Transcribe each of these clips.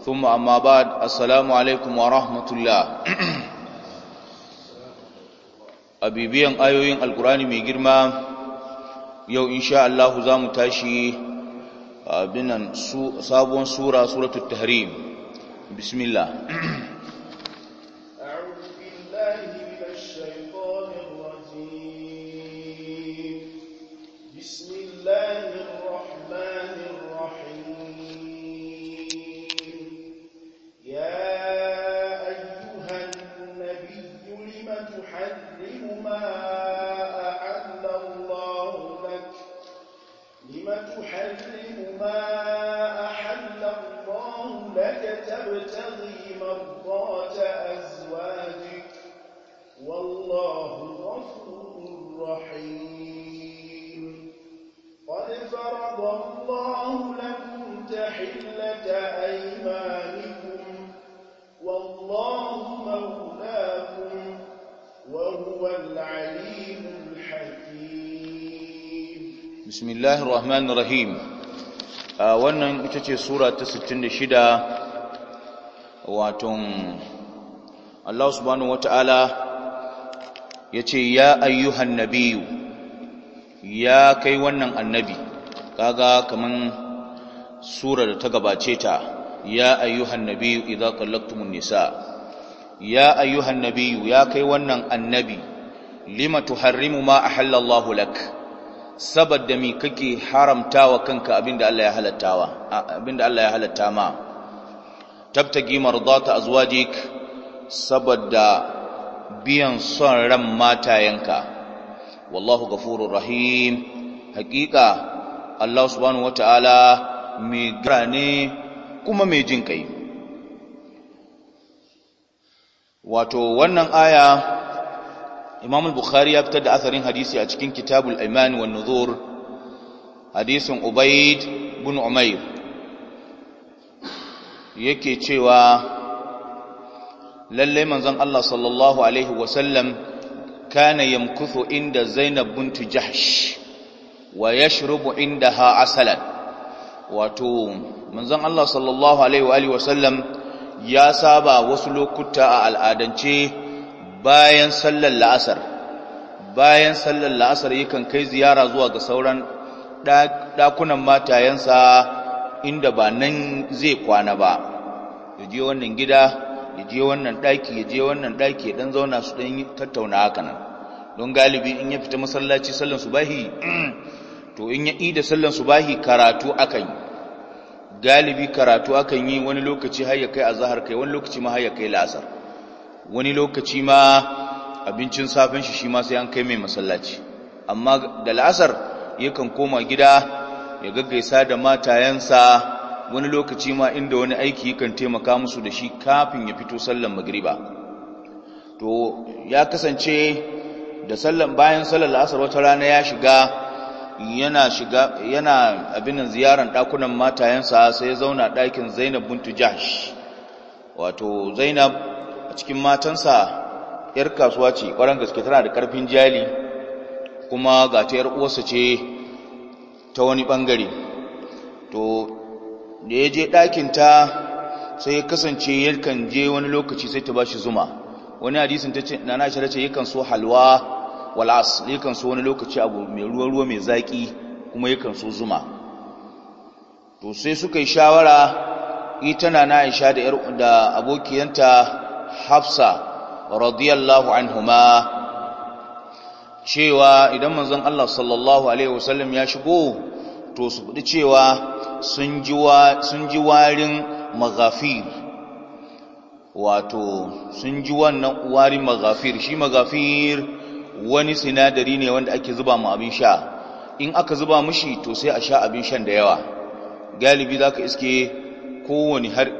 ثم أما بعد السلام عليكم ورحمة الله أبيبيان آيوين القرآن ميجرما يو إن شاء الله زام تاشي بنا سابون سورة سورة التهريم بسم الله الرحمن الرحيم wannan ita ce sura ta 66 waton Allah subhanahu wataala yace ya ayyuhan nabiyyu ya kai wannan annabi kaga kaman sura da ta gabace ta ya ayyuhan nabiyyu idza qallaqtumun nisa ya ayyuhan nabiyyu ya kai wannan annabi lima harrimu ma a Allahu lak saboda me kake haramtawa kanka abinda Allah ya halattawa abinda Allah ya halatta ma tabtagi mardata azwajik saboda biyan son ran matayenka wallahu ghafurur rahim hakika Allah subhanahu wataala mai grane kuma mai jin kai wato wannan aya imam al-bukhari ya fitar da asarin hadisi a cikin kitabul iman wa nuzur hadisin Ubaid bin umayr yake cewa lalle manzon Allah sallallahu alaihi wasallam kana yamkuthu inda zainab bint jahsh wa yashrubu indaha asalan wato manzon Allah sallallahu alaihi wa sallam ya saba wasu lokuta a al'adance bayan sallar la'asar bayan sallar la'asar yakan kai ziyara zuwa ga sauran ɗakunan matayensa inda ba nan zai kwana ba ya je wannan gida ya je wannan ɗaki ya je wannan ɗaki ya ɗan zauna su ɗan tattauna haka nan don galibi in ya fita masallaci sallan subahi to in ya ida sallan subahi karatu akan yi galibi karatu akan yi wani lokaci har ya kai azhar kai wani lokaci ma har ya kai la'asar wani lokaci ma abincin safin shi shi ma sai an kai mai masallaci amma da la'asar yakan koma gida ya gaggaisa da matayensa wani lokaci ma inda wani aiki yakan taimaka musu da shi kafin ya fito sallan magriba to ya kasance da sallan bayan sallar la'asar wata rana ya shiga yana shiga yana abin ziyaran dakunan matayensa sai ya zauna ɗakin Zainab bintu Jahsh wato Zainab a cikin matansa ‘yar kasuwa ce ƙwarar gaske tana da ƙarfin jali kuma ga ta ‘yar ce ta wani ɓangare to da ya je ɗakinta sai ya kasance kan je wani lokaci sai ta ba shi zuma wani hadisun ta ce na na shirace ce yakan so halwa walas yakan so wani lokaci abu mai ruwa-ruwa mai zaƙi kuma yakan so zuma to sai suka yi shawara ita na na isha da abokiyanta hafsa radiyallahu anhuma cewa idan manzon Allah sallallahu alaihi wasallam ya shigo to su fudi cewa sun ji sun ji warin maghafir wato sun ji wannan warin maghafir shi maghafir wani sinadari ne wanda ake zuba mu abin sha in aka zuba mushi to sai a sha abin shan da yawa galibi zaka iske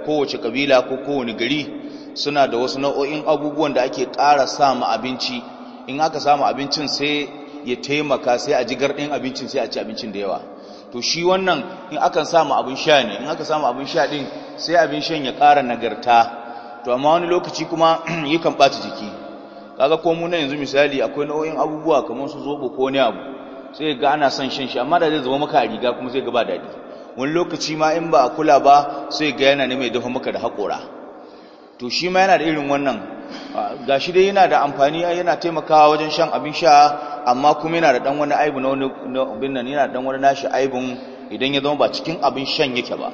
kowace kabila ko kowani gari suna da wasu nau'o'in abubuwan da ake ƙara samu abinci in aka samu abincin sai ya taimaka sai a ji gardin abincin sai a ci abincin da yawa to shi wannan in akan samu abin sha ne in aka samu abin sha ɗin sai abin shan ya ƙara nagarta to amma wani lokaci kuma kan ɓata jiki kaga ko mu na yanzu misali akwai nau'o'in abubuwa kamar su zoɓo ko wani abu sai ga ana son shan shi amma da zai zama maka a riga kuma zai ga ba daɗi wani lokaci ma in ba a kula ba sai ga yana ne mai dafa maka da haƙora to shi ma yana da irin wannan ga shi dai yana da amfani yana taimakawa wajen shan abin sha amma kuma yana da dan wani aibu na wani abin nan yana da dan wani nashi aibun idan ya zama ba cikin abin shan yake ba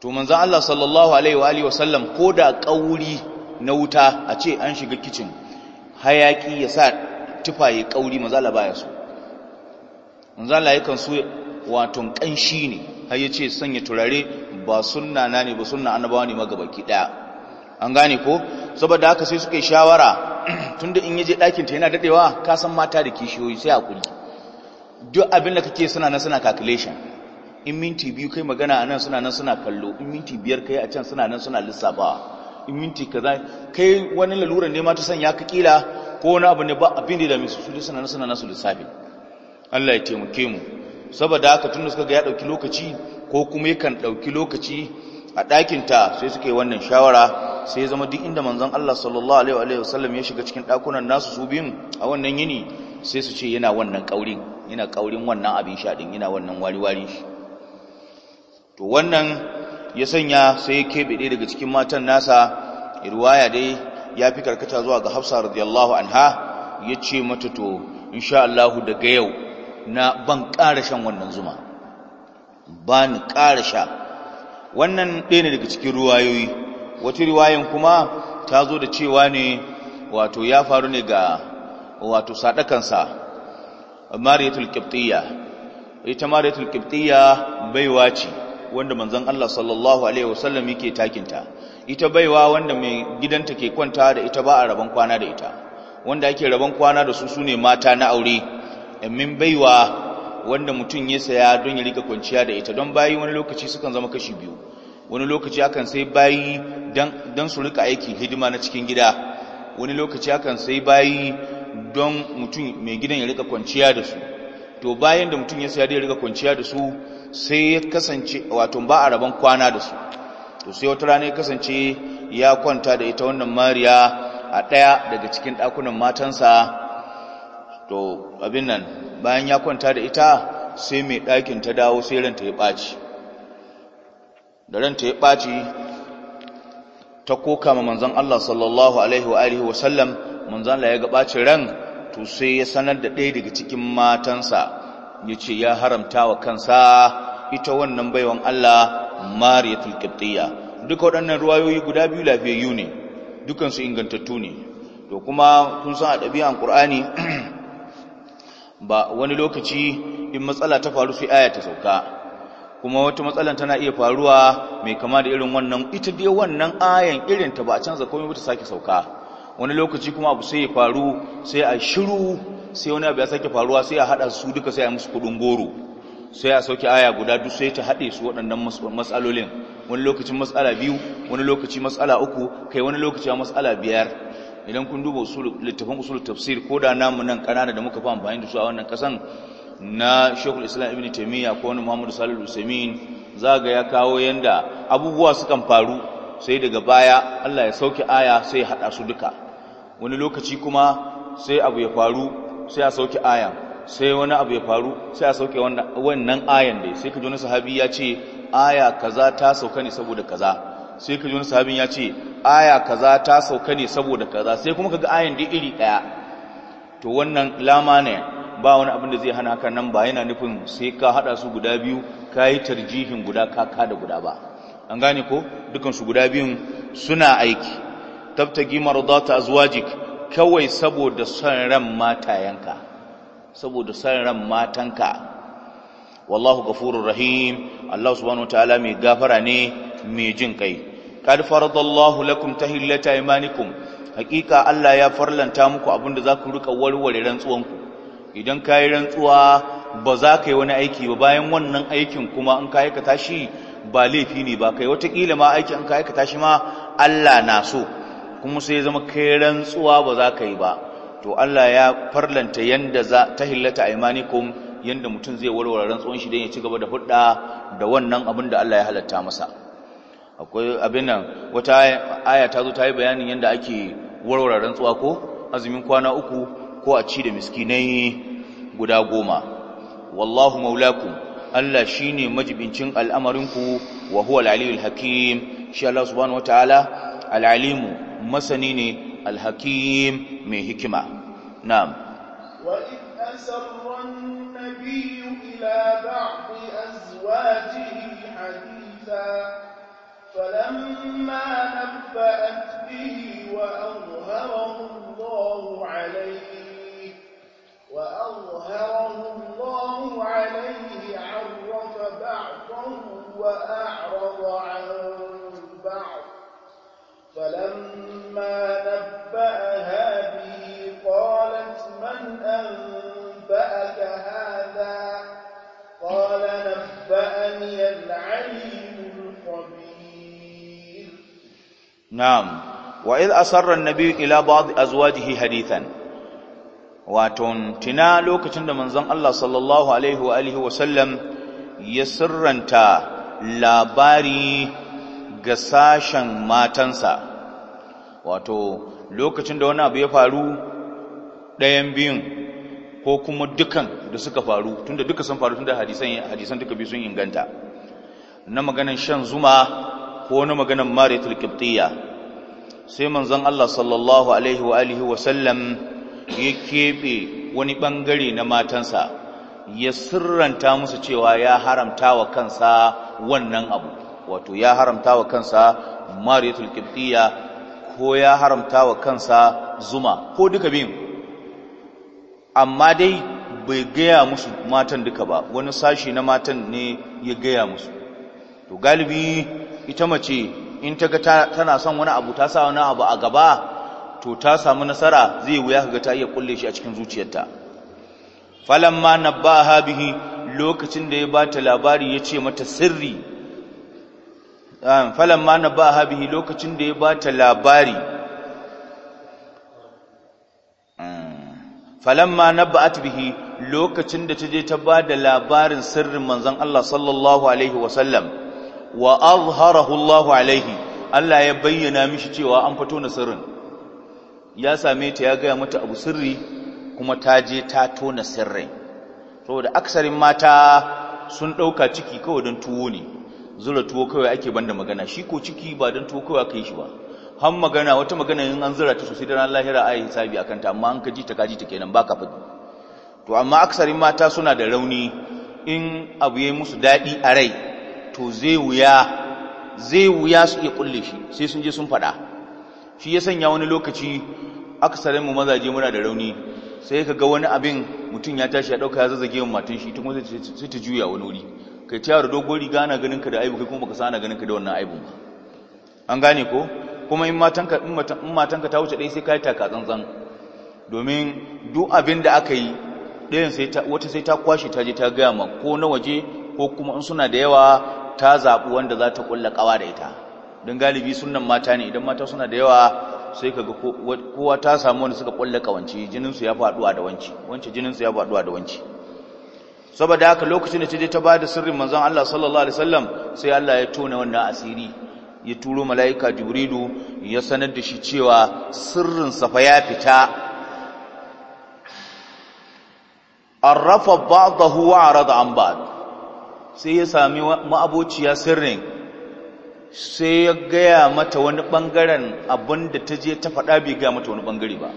to manzon Allah sallallahu alaihi wa alihi wasallam ko da kauri na wuta a ce an shiga kicin hayaki ya sa tufa tufaye kauri manzon Allah baya so manzon Allah yakan so wato kanshi ne har yace sanya turare ba sunna na ne ba sunna annabawa ne magabaki daya an gane ko saboda haka sai suka yi shawara tunda in yaje dakin ta yana dadewa ka san mata da kishiyoyi sai hakuri duk abin da kake suna nan suna calculation in minti biyu kai magana anan suna nan suna kallo in minti biyar kai a can suna nan suna lissafawa in minti kaza kai wani lalura ne ma ta sanya ka kila ko wani abu ne ba abin da ya dame su su suna nan suna nan su lissafi Allah ya taimake mu saboda haka tun da suka ga ya ɗauki lokaci ko kuma yakan ɗauki lokaci a ɗakinta sai suka yi wannan shawara sai ya zama duk inda manzon Allah sallallahu alaihi wa sallam ya shiga cikin ɗakunan nasu su biyun a wannan yini sai su ce yana wannan ƙaurin yana ƙaurin wannan abin sha yana wannan wari-wari to wannan ya sanya sai ya keɓe ɗaya daga cikin matan nasa riwaya dai ya fi karkata zuwa ga hafsa radiyallahu anha ya ce mata to insha Allah daga yau na ban ƙara shan wannan zuma ba ƙara sha wannan ɗaya ne daga cikin ruwayoyi wata riwayan kuma ta zo da cewa ne wato ya faru ne ga wato sadakansa mariyatul qibtiyya ita mariyatul qibtiyya baiwa ce wanda manzan Allah sallallahu alaihi wasallam yake takinta ita baiwa wanda mai gidanta ke kwanta da ita ba a rabon kwana da ita wanda ake rabon kwana da su sune mata na aure min baiwa wanda mutum ya saya don ya rika kwanciya da ita don bayi wani lokaci sukan zama kashi biyu wani lokaci akan sai bayi don su rika aiki hidima na cikin gida wani lokaci akan sai bayi don mutum mai gidan ya rika kwanciya da su to bayan da mutum ya saya da ya rika kwanciya da su sai ya kasance wato ba a rabon kwana da su to sai wata rana ya kasance ya kwanta da ita wannan mariya a ɗaya daga cikin ɗakunan matansa to abin nan bayan ya kwanta da ita sai mai ɗakin ta dawo sai ranta ya ɓaci da ranta ya ɓaci ta koka ma manzan Allah sallallahu alaihi wa alihi wa sallam manzan Allah ya ga ɓaci ran to sai ya sanar da ɗaya daga cikin matansa ya ce ya haramta wa kansa ita wannan baiwan Allah mariyatul qibtiyya duka waɗannan ruwayoyi guda biyu lafiyayyu ne dukansu ingantattu ne to kuma kun san a ɗabi'an ƙur'ani ba wani lokaci in matsala ta faru sai aya ta sauka kuma wata matsalan tana iya faruwa mai kama da irin wannan ita dai wannan ayan irin ta ba a canza komai ba ta sake sauka wani lokaci kuma abu sai ya faru sai a shiru sai wani abu ya sake faruwa sai a hada su duka sai a musu kudin goro sai a sauke aya guda duk sai ta hade su waɗannan matsalolin wani lokacin matsala biyu wani lokaci matsala uku kai wani lokaci matsala biyar idan kun duba littafin usul tafsir ko da namu nan kanana da muka fi amfani da su a wannan kasan na shekul islam ibn taimiyya ko wani muhammadu al usaimin zaga ya kawo yanda abubuwa suka faru sai daga baya allah ya sauke aya sai ya haɗa su duka wani lokaci kuma sai abu ya faru sai ya sauke aya sai wani abu ya faru sai ya sauke wannan ayan dai sai ka ji wani sahabi ya ce aya kaza ta sauka ne saboda kaza sai ka ji wani sahabin ya ce aya kaza ta sauka ne saboda kaza sai kuma ka ga ayan da iri daya to wannan lama ne ba wani abin da zai hana haka nan ba yana nufin sai ka hada su guda biyu ka yi tarjihin guda ka kada guda ba an gane ko dukan su guda biyun suna aiki tabtagi maradata azwajik kawai saboda son ran matayanka saboda son ran matanka wallahu ghafurur rahim Allah subhanahu wataala mai gafara ne mai jin kai qad faradallahu lakum tahillata imanikum hakika Allah ya farlanta muku abinda za ku rika warware rantsuwan ku. idan ka yi rantsuwa ba za ka yi wani aiki ba bayan wannan aikin kuma in ka aikata shi ba laifi ne ba kai watakila ma aiki in ka aikata shi ma Allah na so kuma sai zama kai rantsuwa ba za ka yi ba to Allah ya farlanta yanda za ta hillata aimanikum yanda mutum zai warware rantsuwan shi don ya ci gaba da hudda da wannan abin da Allah ya halatta masa akwai abin nan wata aya ta zo ta yi bayanin yadda ake warware rantsuwa ko azumin kwana uku ko a ci da miskinai guda goma wallahu maulakum Allah shine majibincin al'amarinku wa huwa al-aliyul hakim shi Allah subhanahu wataala al-alimu masani ne al mai hikima na'am wa nabiyyu ila azwajihi فلما نبأت به وأظهره الله عليه وأظهره الله عليه عرف بعضه وأعرض عن بعض فلما نبأها به قالت من أنبأك هذا قال نبأني العليم na'am wa iz asarra an-nabi ila ba'd azwajihi hadithan waton tina lokacin da manzon Allah sallallahu alaihi wa alihi wa sallam ya sirranta labari ga sashen matansa wato lokacin da wani abu ya faru ɗayan biyun ko kuma dukan da suka faru tunda duka sun faru tunda hadisan hadisan duka biyu sun inganta na maganan shan zuma ko wani maganan maritul qibtiyya sai manzon Allah sallallahu alaihi wa alihi wa sallam ya keɓe wani bangare na matansa ya sirranta musu cewa ya haramta wa kansa wannan abu wato ya haramta wa kansa maritul qibtiyya ko ya haramta wa kansa zuma ko duka biyun amma dai bai gaya musu matan duka ba wani sashi na matan ne ya gaya musu to galibi ita mace in ta ga tana son wani abu ta sa wani abu a gaba to ta samu nasara zai wuya ga ta iya kulle shi a cikin zuciyarta falamma nabbaha bihi lokacin da ya ba ta labari ya ce mata sirri falamma nabbaha bihi lokacin da ya ba ta labari falamma nabba'at bihi lokacin da ta je ta ba da labarin sirrin manzon Allah sallallahu alaihi wasallam wa azharahu Allahu alaihi Allah ya bayyana mishi cewa an fito na sirrin ya same ta ya gaya mata abu sirri kuma ta je ta tona sirrin saboda aksarin mata sun ɗauka ciki kawai don tuwo ne zura tuwo kawai ake banda magana shi ko ciki ba don tuwo kawai aka shi ba han magana wata magana in an zura ta sosai don Allah hira ayi hisabi a kanta amma an ka ji ta kaji ta kenan ba fadi to amma aksarin mata suna da rauni in abu ya musu dadi a rai to zai wuya zai wuya su iya kulle shi sai sun je sun faɗa shi ya sanya wani lokaci aka akasarin mu mazaje muna da rauni sai ka ga wani abin mutum ya tashi ya ɗauka ya zazzage wa matan shi tun wata sai ta juya wani wuri kai ta yaro dogon riga ana ganin ka da aibu kai kuma baka sa ana ganin ka da wannan aibu ba an gane ko kuma in matanka in ta wuce ɗaya sai ka yi taka tsantsan domin duk abin da aka yi ɗayan sai ta wata sai ta kwashe ta je ta gaya ma ko na waje ko kuma in suna da yawa ta zaɓi wanda za ta ƙulla ƙawa da ita don galibi sunan mata ne idan mata suna da yawa sai ka ga kowa ta samu wanda suka ƙulla ƙawanci jininsu ya faɗuwa da wanci wanci jininsu ya faɗuwa da wanci saboda haka lokacin da ta je ta ba da sirrin manzon Allah sallallahu alaihi wasallam sai Allah ya tona wannan asiri ya turo mala'ika jibrilu ya sanar da shi cewa sirrin ya fita arrafa ba'dahu wa arada an ba'd sai ya sami ma'abociya sirrin sai ya gaya mata wani ɓangaren abin da ta je ta faɗa bai gaya mata wani ɓangare ba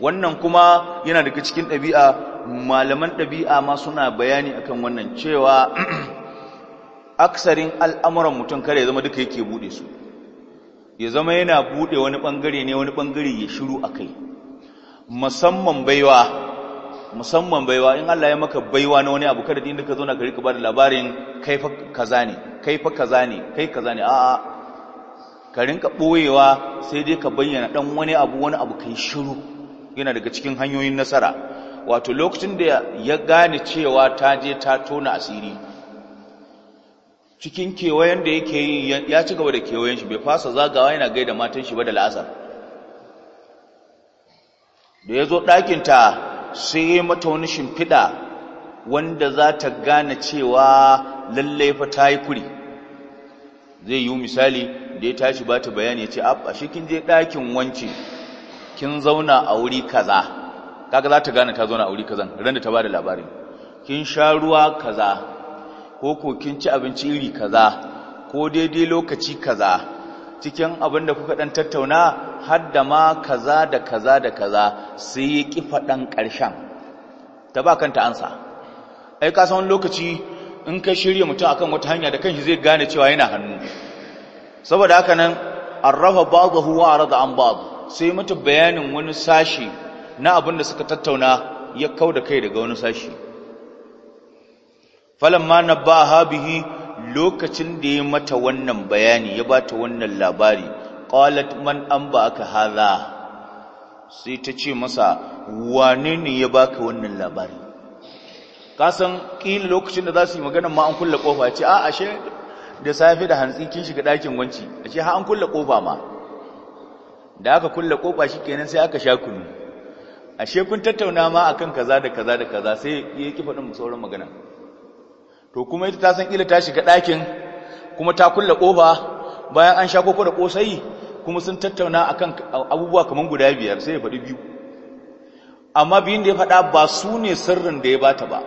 wannan kuma yana daga cikin ɗabi'a malaman ɗabi'a ma suna bayani akan wannan cewa aksarin al'amuran mutum kare ya zama duka yake buɗe su ya zama yana buɗe wani ɓangare ne wani ɓangare ya shiru a kai musamman baiwa musamman baiwa in Allah ya maka baiwa na wani abu kada din ka zo na gari ka bada labarin kai fa kaza ne kai fa kaza ne kai kaza ne a'a ka rinka boyewa sai dai ka bayyana dan wani abu wani abu kai shiru yana daga cikin hanyoyin nasara wato lokacin da ya gane cewa ta je ta tona asiri cikin kewayen da yake yi ya ci gaba da kewayen shi bai fasa zagawa yana gaida matan shi ba da la'asar da ya zo ɗakinta sai ya mata wani shimfiɗa wanda za ta gane cewa lallai fa ta yi kuri zai yi misali da ya tashi ba ta bayani ya ce a shi kin je ɗakin wance kin zauna a wuri kaza kaga za ta gane ta zauna a wuri kaza ran da ta ba da labari. kin sha ruwa kaza ko ko ci abinci iri kaza ko daidai lokaci kaza cikin abin da kuka ɗan tattauna har da ma kaza da kaza da kaza sai yi kifa ɗan ƙarshen. ta ba kanta ansa ai ka san lokaci in ka shirya mutum akan wata hanya da kanshi zai gane cewa yana hannu saboda haka nan an arrafa huwa a raga an ba'd sai mutu bayanin wani sashi na abin da suka tattauna ya kau da kai daga wani sashi falamma ba bihi lokacin da ya mata wannan bayani ya ba ta wannan labari qalat man an aka hadha sai ta ce masa wane ne ya baka wannan labari kasan kila lokacin da za su yi magana ma an kulle kofa ce a ashe da safe da hantsi kin shiga ɗakin wanci ce ha an kulle kofa ma da aka kulle kofa kenan sai aka sha kunu ashe kun tattauna ma akan kaza da kaza da kaza sai ya ki faɗin sauran magana to kuma ita ta san kila ta shiga ɗakin kuma ta kulle ƙofa bayan an sha koko da ƙosai kuma sun tattauna akan abubuwa kamar guda biyar sai ya faɗi biyu amma biyun da ya faɗa ba su ne sirrin da ya bata ba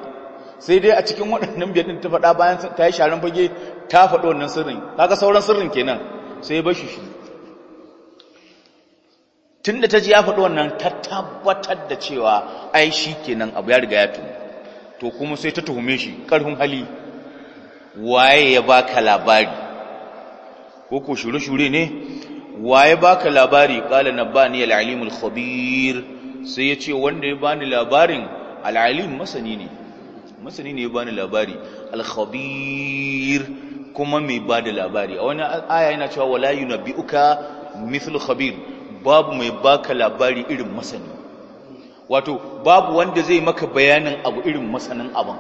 sai dai a cikin waɗannan biyar ɗin ta faɗa bayan ta yi sharan fage ta faɗi wannan sirrin kaga sauran sirrin kenan sai ya bashi shi tunda ta ji ya faɗi wannan ta tabbatar da cewa ai shi kenan abu ya riga ya tuni to kuma sai ta tuhume shi ƙarfin hali waye ya baka labari ko ko shure-shure ne waye baka labari qala na bani alim al-khabir sai yace wanda ya bani labarin al masani ne masani ne ya bani labari al-khabir kuma mai bada labari a wani aya yana cewa wala uka, mithlu khabir babu mai baka labari irin masani wato babu wanda zai maka bayanin abu irin masanin abin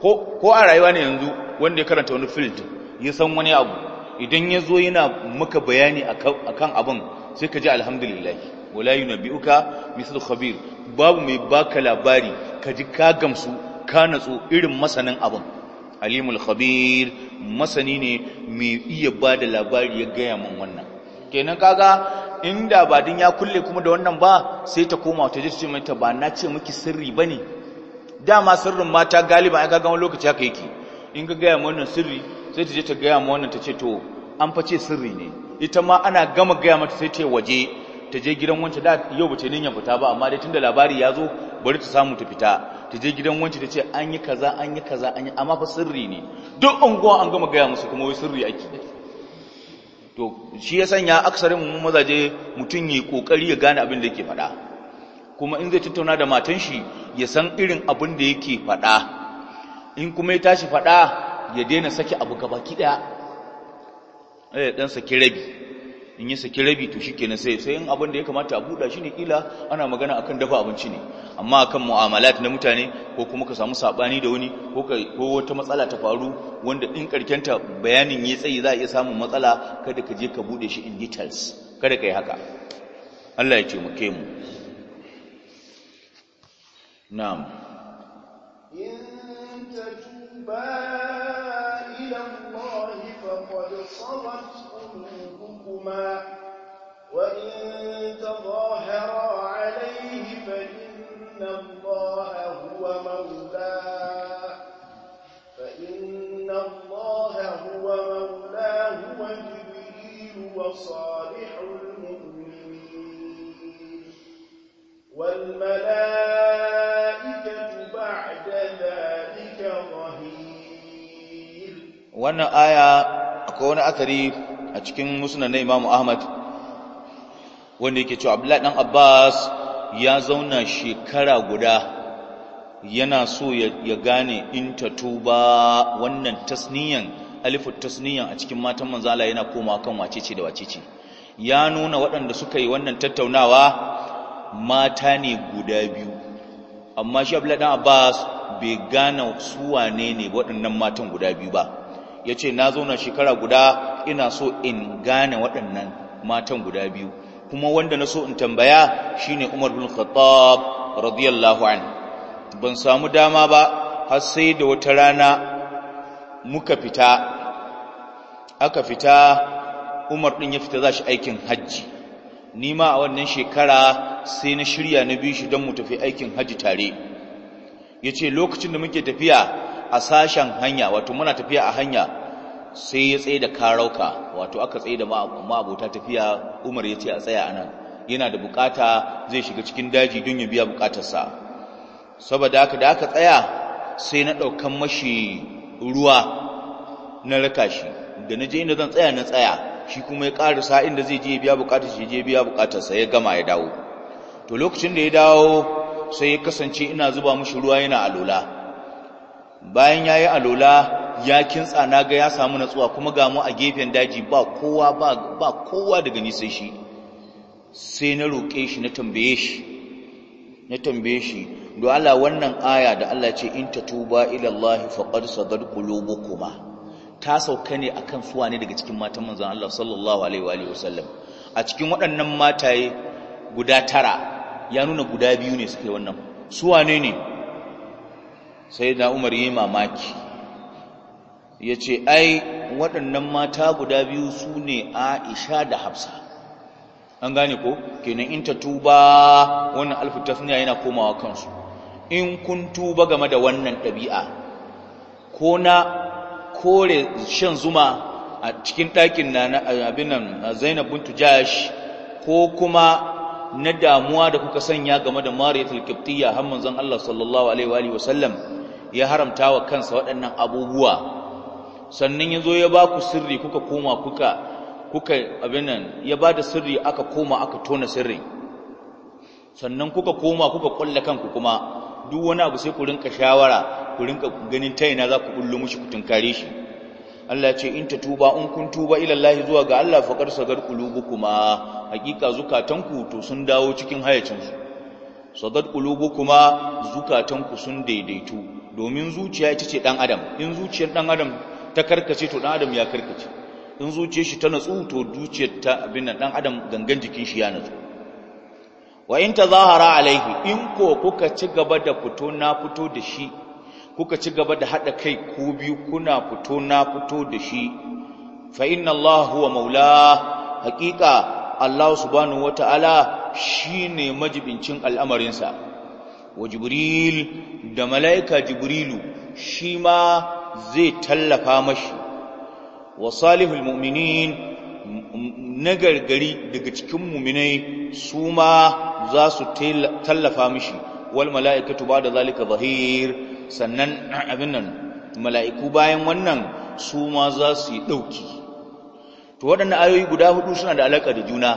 ko a rayuwa ne yanzu wanda ya karanta wani field ya san wani abu idan ya zo yana maka bayani a kan abin sai ka ji alhamdulillahi wala yunabbi'uka Mr. khabir babu mai baka labari ka ji ka gamsu ka natsu irin masanin abin alimul khabir masani ne mai iya ba da labari ya gaya min wannan kenan kaga inda ba ya kulle kuma da wannan ba sai ta koma ta cewa ta ba na ce miki sirri bane dama sirrin mata galiba ai kaga wani lokaci haka yake in ka gaya wannan sirri sai ta je ta gaya ma wannan ta ce to an fa ce sirri ne ita ma ana gama gaya mata sai ta waje ta je gidan wancan da yau bace ya fita ba amma dai tunda labari ya zo bari ta samu ta fita ta je gidan wancan ta ce an yi kaza an yi kaza an yi amma fa sirri ne duk unguwa an gama gaya musu kuma wai sirri ake to shi ya sanya aksarin mu mazaje mutum yi kokari ya gane abin da yake faɗa kuma in zai tattauna da matan shi ya san irin abin da yake faɗa in kuma ya tashi faɗa ya daina saki abu gaba ɗaya eh dan saki rabi in ya saki rabi to kenan sai sai in abin da ya kamata a buɗa shi ne kila ana magana akan dafa abinci ne amma akan mu'amalat na mutane ko kuma ka samu saɓani da wani ko wata matsala ta faru wanda in karkenta bayanin ya tsayi za a iya samun matsala kada ka je ka buɗe shi in details kada ka yi haka Allah ya ce mu ke mu na'am وإن تظاهرا عليه فإن الله هو مولاه فإن الله هو مولاه وجبريل وصالح المؤمنين والملائكة بعد ذلك ظهير وانا آية أكون أثري a cikin musnad na Imam Ahmad wanda yake cewa Abdullahi dan Abbas ya zauna shekara guda yana so ya gane in ta tuba wannan tasniyan alifu tasniyan a cikin matan Manzala yana koma kan wacece da wacece ya nuna waɗanda suka yi wannan tattaunawa mata ne guda biyu amma shi Abdullahi laɗin Abbas bai gane su wane ne waɗannan matan guda biyu ba ya ce na zauna shekara guda ina so in gane waɗannan matan guda biyu kuma wanda na so in tambaya shine umar bin khattab radiyallahu an ban samu dama ba har sai da wata rana muka fita aka fita umar ɗin ya fita za shi aikin hajji nima a wannan shekara sai na shirya na biyu shi don mu tafi aikin hajji tare ya ce lokacin da muke tafiya a sashen hanya wato muna tafiya a hanya sai ya tsaye da karauka wato aka tsaye da ma'abota tafiya umar ya ce a tsaya a nan yana da bukata zai shiga cikin daji don ya biya bukatarsa saboda haka da aka tsaya sai na ɗaukan mashi ruwa na raka shi da na je inda zan tsaya na tsaya shi kuma ya ƙarisa inda zai je biya bukatar shi je biya bukatarsa ya gama ya dawo to lokacin da ya dawo sai ya kasance ina zuba mashi ruwa yana alola bayan ya yi alola ya kintsa na ga ya samu natsuwa kuma ga mu a gefen daji ba kowa ba kowa daga nisa shi sai na roƙe shi na tambaye shi na tambaye shi don Allah wannan aya da Allah ce in tatuba ila Allah faqad sadad qulubukuma ta sauka ne akan suwa ne daga cikin matan manzon Allah sallallahu alaihi wa wasallam a cikin waɗannan mataye guda tara ya nuna guda biyu ne suke wannan suwa ne ne sai da Umar yi mamaki ya ce ai waɗannan mata guda biyu su ne aisha da hafsa an gane ko kenan in ta tuba wannan alfu yana komawa kansu in kun tuba game da wannan ɗabi'a ko na kore shan zuma a cikin ɗakin na abinan nan Zainab bintu ko kuma na damuwa da kuka sanya game da Mariyatul Qibtiyya har zan Allah sallallahu alaihi wa ya haramta wa kansa waɗannan abubuwa sannan ya zo ya ba ku sirri kuka koma kuka kuka abin ya ba da sirri aka koma aka tona sirri sannan kuka koma kuka kulla kanku kuma duk wani abu sai ku rinka shawara ku rinka ganin taina ina za ku kullu mushi ku tunkare shi Allah ce in tuba in kun tuba ila Allah zuwa ga Allah faqad sagar qulubukuma hakika zukatanku to sun dawo cikin hayacin su sagar qulubukuma zukatanku sun daidaitu domin zuciya ita ce dan adam in zuciyar dan adam ta karkace to dan adam ya karkace in zuciyar shi ta natsu to duciyar ta abin nan dan adam gangan jikin shi ya natsu wa in tazahara alaihi in ko kuka ci gaba da fito na fito da shi kuka ci gaba da hada kai ko biyu kuna fito na fito da shi fa inna Allah huwa maula haqiqa Allah subhanahu wataala shine majibincin al'amarinsa wa jibril da malaika jibrilu shi ma zai tallafa mashi wa salihul mu'minin nagargari daga cikin mu'minai su ma za su tallafa mashi wal mala'ikatu ba da zalika zahir sannan abin nan mala'iku bayan wannan su ma za su yi ɗauki to waɗannan ayoyi guda hudu suna da alaka da juna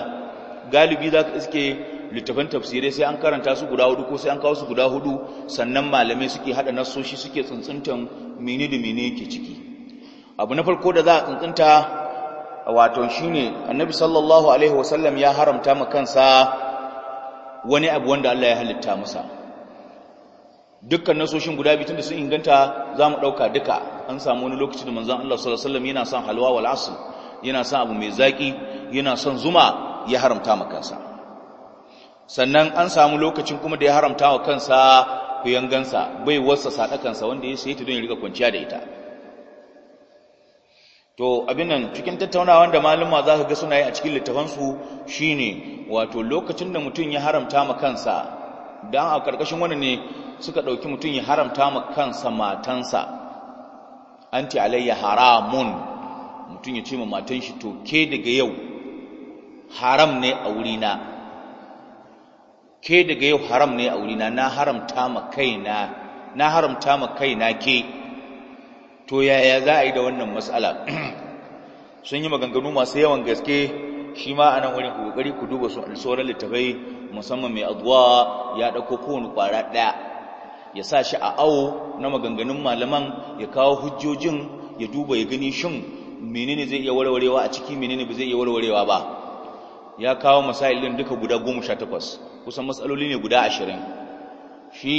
galibi za ka iske littafan tafsirai sai an karanta su guda hudu ko sai an kawo su guda hudu sannan malamai suke hada nasoshi suke tsuntsuntan mini da mini yake ciki abu na farko da za a tsuntsunta wato ne, annabi sallallahu alaihi wasallam ya haramta ma kansa wani abu wanda Allah ya halitta masa dukkan nasoshin guda biyu tunda sun inganta za mu ɗauka duka an samu wani lokaci da manzon Allah sallallahu alaihi wasallam yana son halwa wal asr yana son abu mai zaki yana son zuma ya haramta ma kansa sannan an samu lokacin kuma da ya haramta wa kansa gansa bai wasa sadakansa wanda ya sayi ta don ya riga kwanciya da ita to abin nan cikin tattaunawa da malama za ka ga suna yi a cikin littafansu shine wato lokacin da mutum ya haramta ma kansa dan a karkashin wannan ne suka ɗauki mutum ya haramta ma kansa matansa anti alayya haramun mutum ya ce ma matan shi to ke daga yau haram ne a wurina ke daga yau haram ne a wurina na haramta ma kaina na haramta ma kaina ke to yaya za a yi da wannan matsala sun yi maganganu masu yawan gaske shi ma a nan wurin kokari ku duba sauran littafai musamman mai adwa ya ɗauko kowane ƙwara ɗaya. ya sa shi a awo na maganganun malaman ya kawo hujjojin ya duba ya gani shin menene zai iya warwarewa a ciki menene ba zai iya warwarewa ba ya kawo masailin duka guda goma sha takwas kusan matsaloli ne guda ashirin shi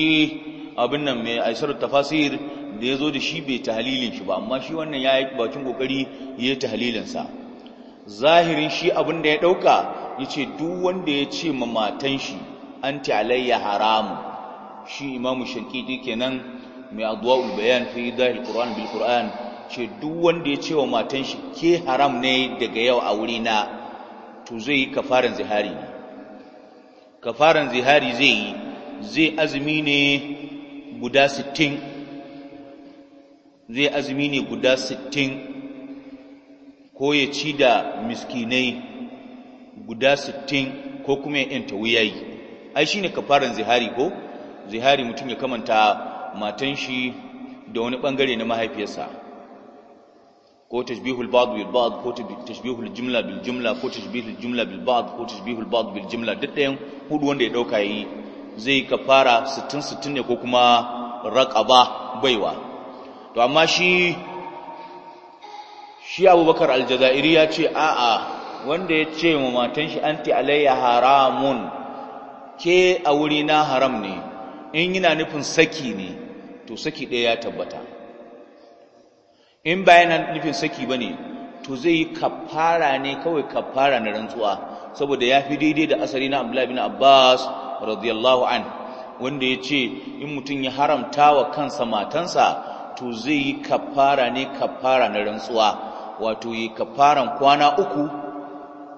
abin nan mai da tafasir da ya zo da shi bai tahalilin shi ba amma shi wannan ya yi bakin kokari ya yi tahalilinsa zahirin shi abin da ya ɗauka ya ce duk wanda ya ce ma matan shi an alayya haramu shi imamu shankiti kenan mai addu'a bayan fi zahir qur'an bil qur'an ce duk wanda ya ce wa matan shi ke haram ne daga yau a wuri na to zai yi kafaran zihari ne kafaran zihari zai yi zai azumi ne guda sittin zai azumi ne guda sittin ko ya ci da miskinai guda sittin ko kuma ya yanta wuyayi ai shine kafaran zihari ko zihari mutum ya kamanta matan shi da wani bangare na mahaifiyarsa ko tashbihul ba'd bil ba'd ko tashbihul jumla bil jumla ko tashbihul jumla bil ba'd ko tashbihul ba'd bil jumla duk ɗayan hudu wanda ya dauka yi zai kafara 60 60 ne ko kuma raqaba baiwa to amma shi shi Abubakar Aljazairi ya ce a'a wanda ya ce ma matan shi anti alayya haramun ke a wuri na haram ne in yana nufin saki ne to saki ɗaya ya tabbata in ba nufin saki bane to zai yi kafara ne kawai kafara na rantsuwa saboda ya fi daidai da asali na Abdullahi bin Abbas radiyallahu an wanda ya ce in mutum ya haramta wa kansa matansa to zai yi kafara ne kafara na rantsuwa wato yi kafaran kwana uku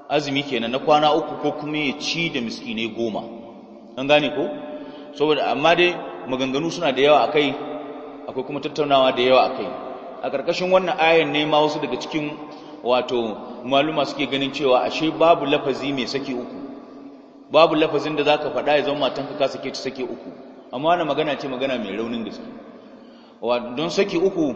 azumi kenan na kwana uku ko kuma ya ci da miskinai goma an gane ko saboda amma dai maganganu suna da yawa akai akwai kuma tattaunawa da yawa akai a ƙarƙashin wannan ayan ne ma wasu daga cikin wato maluma suke ganin cewa ashe babu lafazi mai sake uku babu lafazin da za ka faɗa ya zama matanka ka sake ta sake uku amma wani magana ce magana mai raunin gaske don sake uku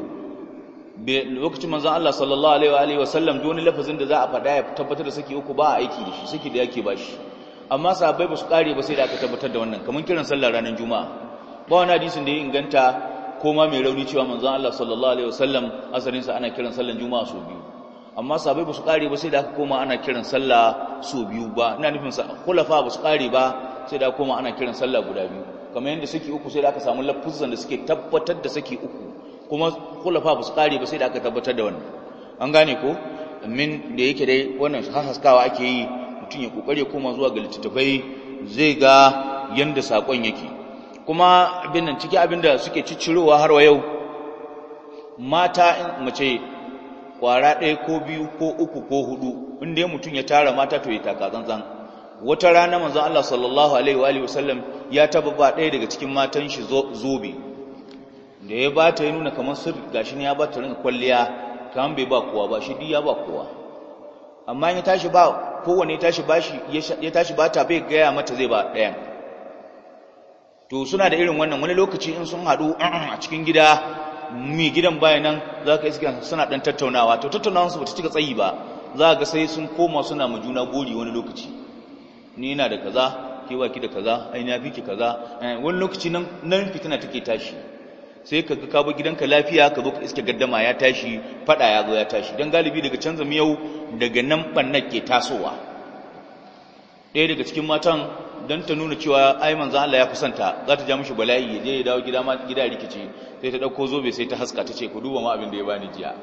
lokacin manzan Allah sallallahu alaihi wa sallam doni lafazin da za a faɗa ya tabbatar da sake uku ba a aiki da shi sake da yake ba shi amma sahabbai ba su ƙare ba sai da aka tabbatar da wannan kamar kiran sallar ranar juma'a ba wani hadisin da ya inganta ko ma mai rauni cewa manzon Allah sallallahu alaihi wasallam asalin sa ana kiran sallan juma'a su biyu amma sahabbai ba su kare ba sai da aka koma ana kiran sallah su biyu ba ina nufin sa khulafa ba su kare ba sai da koma ana kiran sallah guda biyu kamar yadda saki uku sai da aka samu lafuzan da suke tabbatar da saki uku kuma khulafa ba su kare ba sai da aka tabbatar da wannan an gane ko min da yake dai wannan haskawa ake yi mutum ya kokare koma zuwa ga littattafai zai ga yanda sakon yake kuma abin nan ciki abin da suke cicirowa har wa yau mata in mace kwara ɗaya ko biyu ko uku ko hudu inda ya mutum ya tara mata to ya taka zanzan. wata rana manzon Allah sallallahu alaihi wa wasallam ya taba ba ɗaya daga cikin matan shi zobe da ya ba ta yi nuna kamar sir gashi ne ya ba ta rinka kwalliya kamar bai ba kowa ba shi duk ya ba kowa amma ya tashi ba kowane ya tashi ba shi ya tashi ba ta bai gaya mata zai ba ɗayan to suna da irin wannan wani lokaci in sun haɗu a cikin gida mai gidan bayan nan za ka iska suna ɗan tattaunawa to tattaunawa su bata cika tsayi ba za ga sai sun koma suna ma juna gori wani lokaci ni yana da kaza ke waki da kaza ai na fi ki kaza eh, wani lokaci nan nan fitina take tashi sai ka ka bi gidanka lafiya ka zo ka iske gaddama ya tashi fada ya zo ya tashi dan galibi daga canza miyau daga nan ɓannan ke tasowa ɗaya daga cikin matan don ta nuna cewa ai manzan Allah ya kusanta za ta ja mishi bala'i ya je ya dawo gida ma gida rikici sai ta ɗauko zobe sai ta haska ta ce ku duba ma abin da ya bani jiya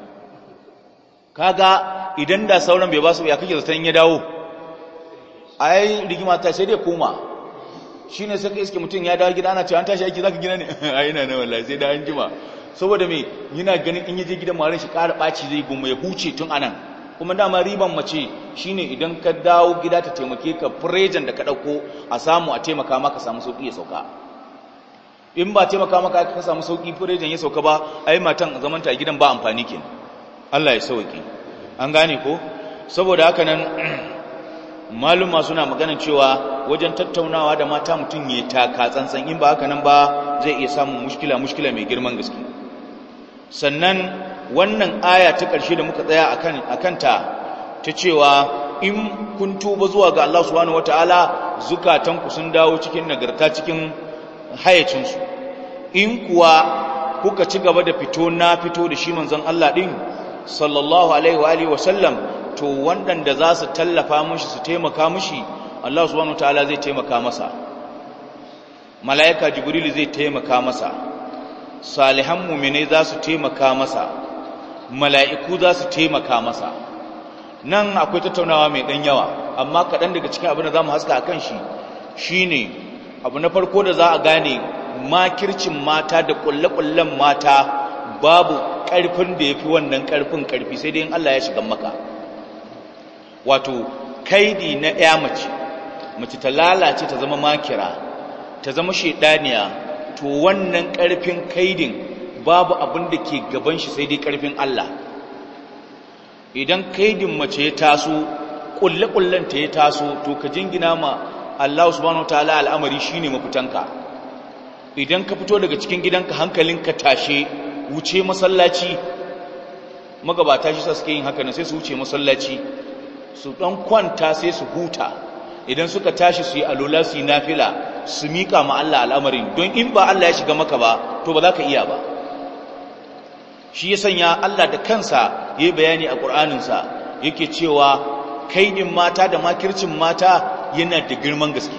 kaga idan da sauran bai ba su ya kake zaton ya dawo ai rigima ta sai dai koma shine sai ka iske mutum ya dawo gida ana cewa an tashi aiki zaka gina ne ai ina na wallahi sai da an jima saboda me yana ganin in ya je gidan maran shi kara baci zai goma ya huce tun anan kuma dama riban mace shine idan ka dawo gida ta taimake ka furejan da ka ɗauko a samu a taimaka maka samu sauƙi ya sauka in ba taimaka maka ka samu sauƙi furejan ya sauka ba ai matan a zamanta a gidan ba amfani ke Allah ya sauƙi an gane ko saboda haka nan maluma suna magana cewa wajen tattaunawa da mata mutum ya taka tsantsan in ba haka nan ba zai iya samun mushkila mushkila mai girman gaske sannan wannan aya ta ƙarshe da muka tsaya a kanta ta cewa in kun tuba zuwa ga Allah subhanahu wataala zukatanku sun dawo cikin nagarta cikin hayacinsu in kuwa kuka ci gaba da fito na fito da shi manzon Allah ɗin sallallahu alaihi wa alihi wasallam to waɗanda za su tallafa mushi su taimaka mushi Allah subhanahu wataala zai taimaka masa mala'ika jibril zai taimaka masa salihan mu'mine za su taimaka masa mala'iku za su taimaka masa nan akwai tattaunawa mai ɗan yawa amma kaɗan daga cikin abin da za mu haska a kan shi shi ne abu na farko da za a gane makircin mata da ƙulle-ƙullen mata babu ƙarfin da ya fi wannan ƙarfin ƙarfi sai dai in Allah ya shiga maka wato kaidi na ya mace mace ta lalace ta zama makira ta zama shaidaniya to wannan ƙarfin kaidin babu abin da ke gaban shi sai dai ƙarfin Allah idan kaidin mace ya taso ƙulle-ƙullen ta ya taso to ka jingina ma Allah subhanahu wa ta'ala al'amari shine mafitanka idan ka fito daga cikin gidanka hankalinka tashe wuce masallaci magabata shi suke yin haka sai su wuce masallaci su dan kwanta sai su huta idan suka tashi su yi alola su yi nafila su miƙa ma Allah al'amarin don in ba Allah ya shiga maka ba to ba za ka iya ba shi ya sanya Allah da kansa yayi bayani a Qur'aninsa yake cewa kaidin mata da makircin mata yana da girman gaske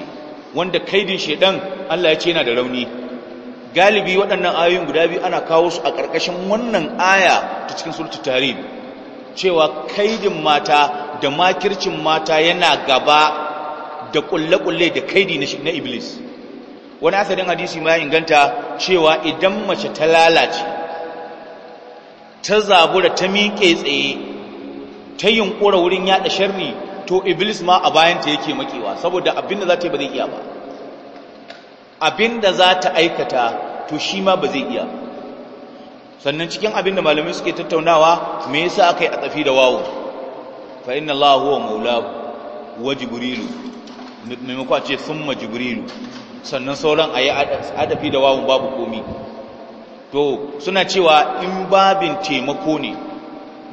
wanda kaidin shedan Allah ya ce yana da rauni galibi waɗannan ayoyin guda biyu ana kawo su a ƙarƙashin wannan aya ta cikin sulci tare. cewa kaidin mata da makircin mata yana gaba da ƙulle kulle da kaidi na iblis wani asalin hadisi ma inganta cewa idan mace ta lalace ta zabura ta miƙe tsaye ta yunƙura wurin yaɗa sharri to iblis ma a bayanta yake makewa saboda abin da za ta yi ba zai iya ba Abin da za ta aikata to shi ma ba zai iya sannan cikin abin da malamai suke tattaunawa me yasa aka yi a tsafi da wawo fa inna Allah Maula wa jibrilu maimakon a ce ma jibrilu sannan sauran a yi adafi da wawon babu komi to suna cewa in babin taimako ne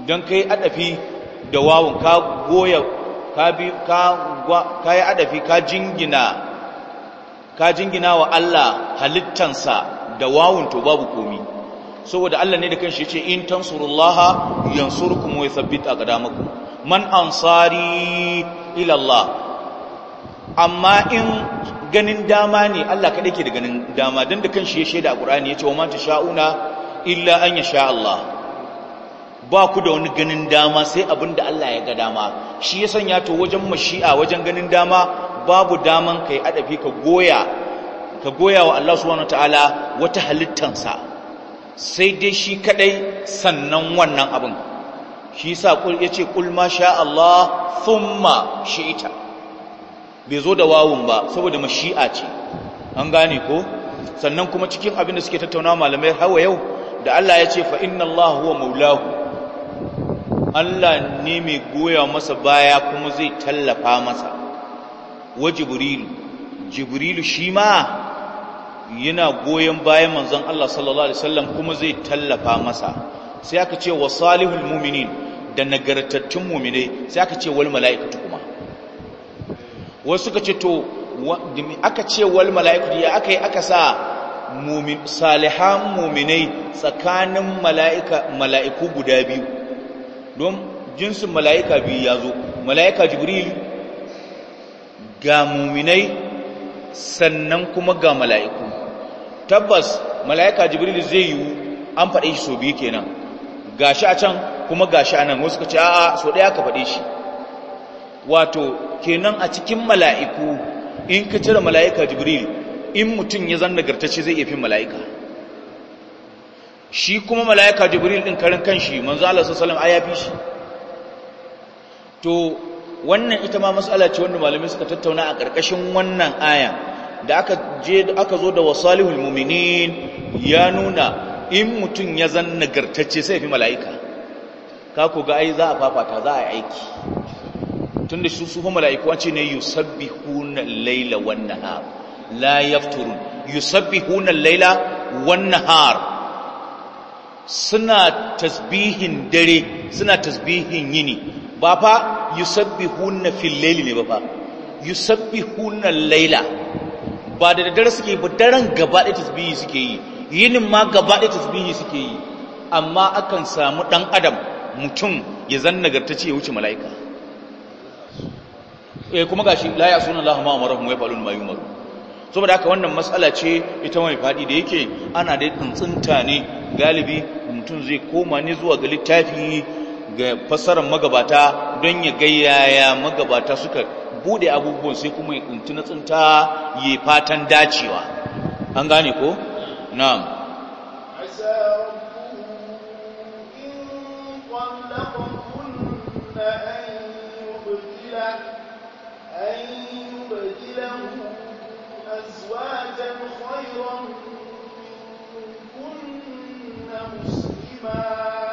don kai adafi da wawon ka goya ka bi ka yi adafi ka jingina ka jingina wa Allah halittansa da wawon to babu komi saboda Allah ne da kanshi ce in tansurullaha yansurkum wa yuthabbit aqdamakum man ansari ila Allah amma in ganin dama ne Allah kaɗai ke da ganin dama don da kan shi ya shaida a ya ce wa mata sha'una illa an ya sha Allah ba ku da wani ganin dama sai abin da Allah ya ga dama shi ya sanya to wajen mashi'a wajen ganin dama babu daman yi adafi ka goya ka goya wa Allah wani ta'ala wata halittansa sai dai shi kaɗai sannan wannan abin shi yasa ya ce kul ma sha Allah thumma shi'ita bai zo da wawun ba saboda mashi'a ce an gane ko sannan kuma cikin abin da suke tattauna malamai hawa yau da Allah ya ce fa inna Allah huwa maulahu Allah ne mai goya masa baya kuma zai tallafa masa wa jibrilu jibrilu shi ma yana goyon bayan manzon Allah sallallahu alaihi wasallam kuma zai tallafa masa sai aka ce wa salihul mu'minin da nagartattun mu'minai sai aka ce wal mala'ikatu kuma wasu suka ce to aka ce wal mala'iku ya aka yi aka sa salihan muminai tsakanin mala'iku guda biyu don jinsin mala'ika biyu ya zo mala'ika jibril ga muminai sannan kuma ga mala'iku tabbas mala'ika jibril zai yiwu an faɗe shi so biyu kenan gashi a can kuma gashi a nan wasu ka ce a'a so ɗaya ka faɗe shi wato kenan a cikin mala'iku in ka cire mala'ika jibril in mutum ya zanna nagartacce zai iya fin mala'ika shi kuma mala'ika jibril din karin kanshi manzo Allah sallallahu alaihi wasallam shi to wannan ita ma mas'ala ce wanda malamai suka tattauna a ƙarƙashin wannan aya da aka je aka zo da wasalihul mu'minin ya nuna in mutum ya zanna nagartacce sai ya fi mala'ika ka ku ga ai za a fafata za a yi aiki tunda su sufa mala'iku wace ne sabbi hunan laila wannan har. la yafturun sabbi hunan laila wannan har. suna tasbihin dare suna tasbihin yini ba fa sabbi hunan laili ne ba fa sabbi hunan laila ba da daddare suke yi ba daren gabaɗe tasbihi suke yi yinin ma gabaɗe tasbihi suke yi amma akan samu ɗan adam mutum ya zan nagartace ya wuce mala'ika Eh, kuma gashi la ya sunan Allah ma amarahum wa yafalun ma yumar saboda haka wannan matsala ce ita mai fadi da yake ana da tsuntsunta ne galibi mutum zai koma ne zuwa ga littafi ga fassarar magabata don ya gayyaya magabata suka bude abubuwan sai kuma ya tsuntsunta ya fatan dacewa an gane ko na'am أزواجا خيرا منكن مسلمات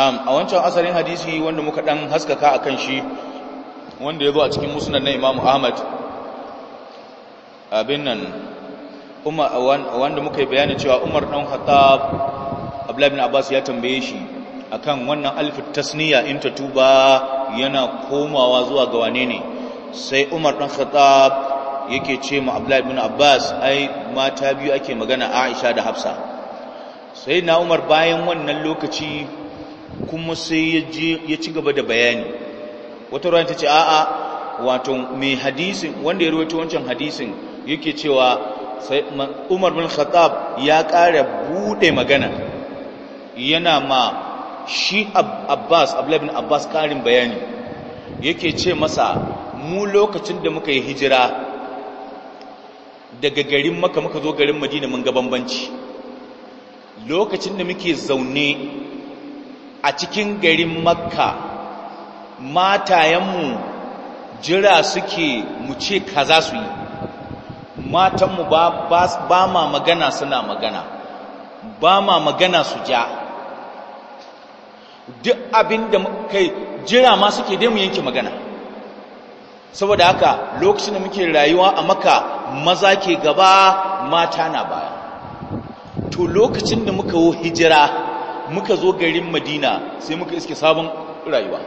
na'am a wancan asalin hadisi wanda muka dan haskaka akan shi wanda ya zo a cikin musnad na imamu Ahmad abin nan wanda muka yi bayani cewa Umar dan Khattab Abdullah Abbas ya tambaye shi akan wannan alifin tasniya in ta tuba yana komawa zuwa ga wane ne sai Umar dan Khattab yake ce ma Abdullah ibn Abbas ai mata biyu ake magana Aisha da Hafsa sai na Umar bayan wannan lokaci kuma sai ya ci gaba da bayani wata ruwan ta ce a'a wato mai hadisin wanda ya ruwaito wancan hadisin yake cewa umar bin khattab ya ƙara buɗe magana yana ma shi abbas bin abbas ƙarin bayani yake ce masa mu lokacin da muka yi hijira daga garin maka muka zo garin madina mun ga bambanci lokacin da muke zaune a cikin garin makka matayenmu jira suke mu ce kaza su yi matanmu ba, ba, ma magana suna magana ba ma magana su ja duk abin da kai jira ma suke dai mu yanke magana saboda haka lokacin da muke rayuwa a maka maza ke gaba mata na baya to lokacin da muka wo hijira muka zo garin madina sai muka iske sabon rayuwa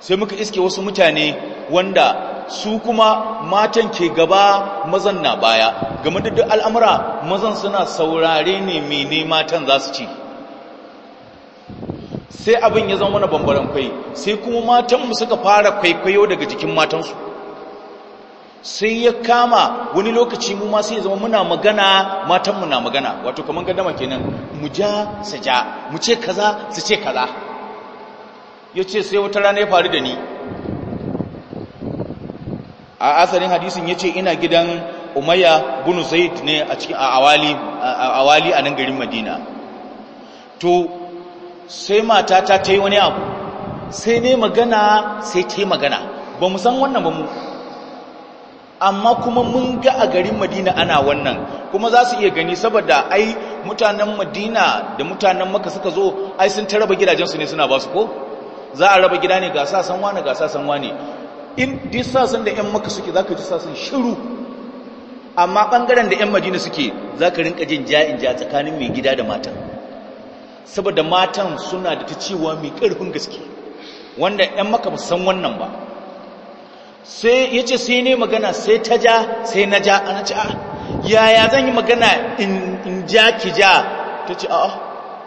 sai muka iske wasu mutane wanda su kuma matan ke gaba mazan na baya game da duk al'amura mazan suna saurare ne mene matan za su ci sai abin ya zama wani bambaran kwai sai kuma matanmu suka fara kwaikwayo daga jikin matansu sai ya kama wani lokaci mu ma sai zama muna magana matan na magana wato kaman gaddama kenan mu ja su ja mu ce kaza su ce kaza yace sai wata rana ya faru da ni a asalin hadisin yace ina gidan Umayya bin Zaid ne a cikin awali a nan garin Madina to sai matata ta yi wani abu sai ne magana sai ta yi magana ba mu san wannan ba mu amma kuma mun ga a garin madina ana wannan kuma za su iya gani saboda ai mutanen madina da mutanen maka suka zo ai sun ta raba gidajensu ne suna ba su ko za a raba gida ne ga sasan wane ga sasan wane in duk sasan da 'yan maka suke za ka ji sasan shiru amma bangaren da 'yan madina suke za ka rinka jin ja'in ja tsakanin mai gida da matan saboda matan suna da ta cewa mai ƙarfin gaske wanda 'yan maka ba san wannan ba sai ya ce sai ne magana sai ta ja sai na ja ana ce a yaya zan yi magana in ja ki ja ta ce a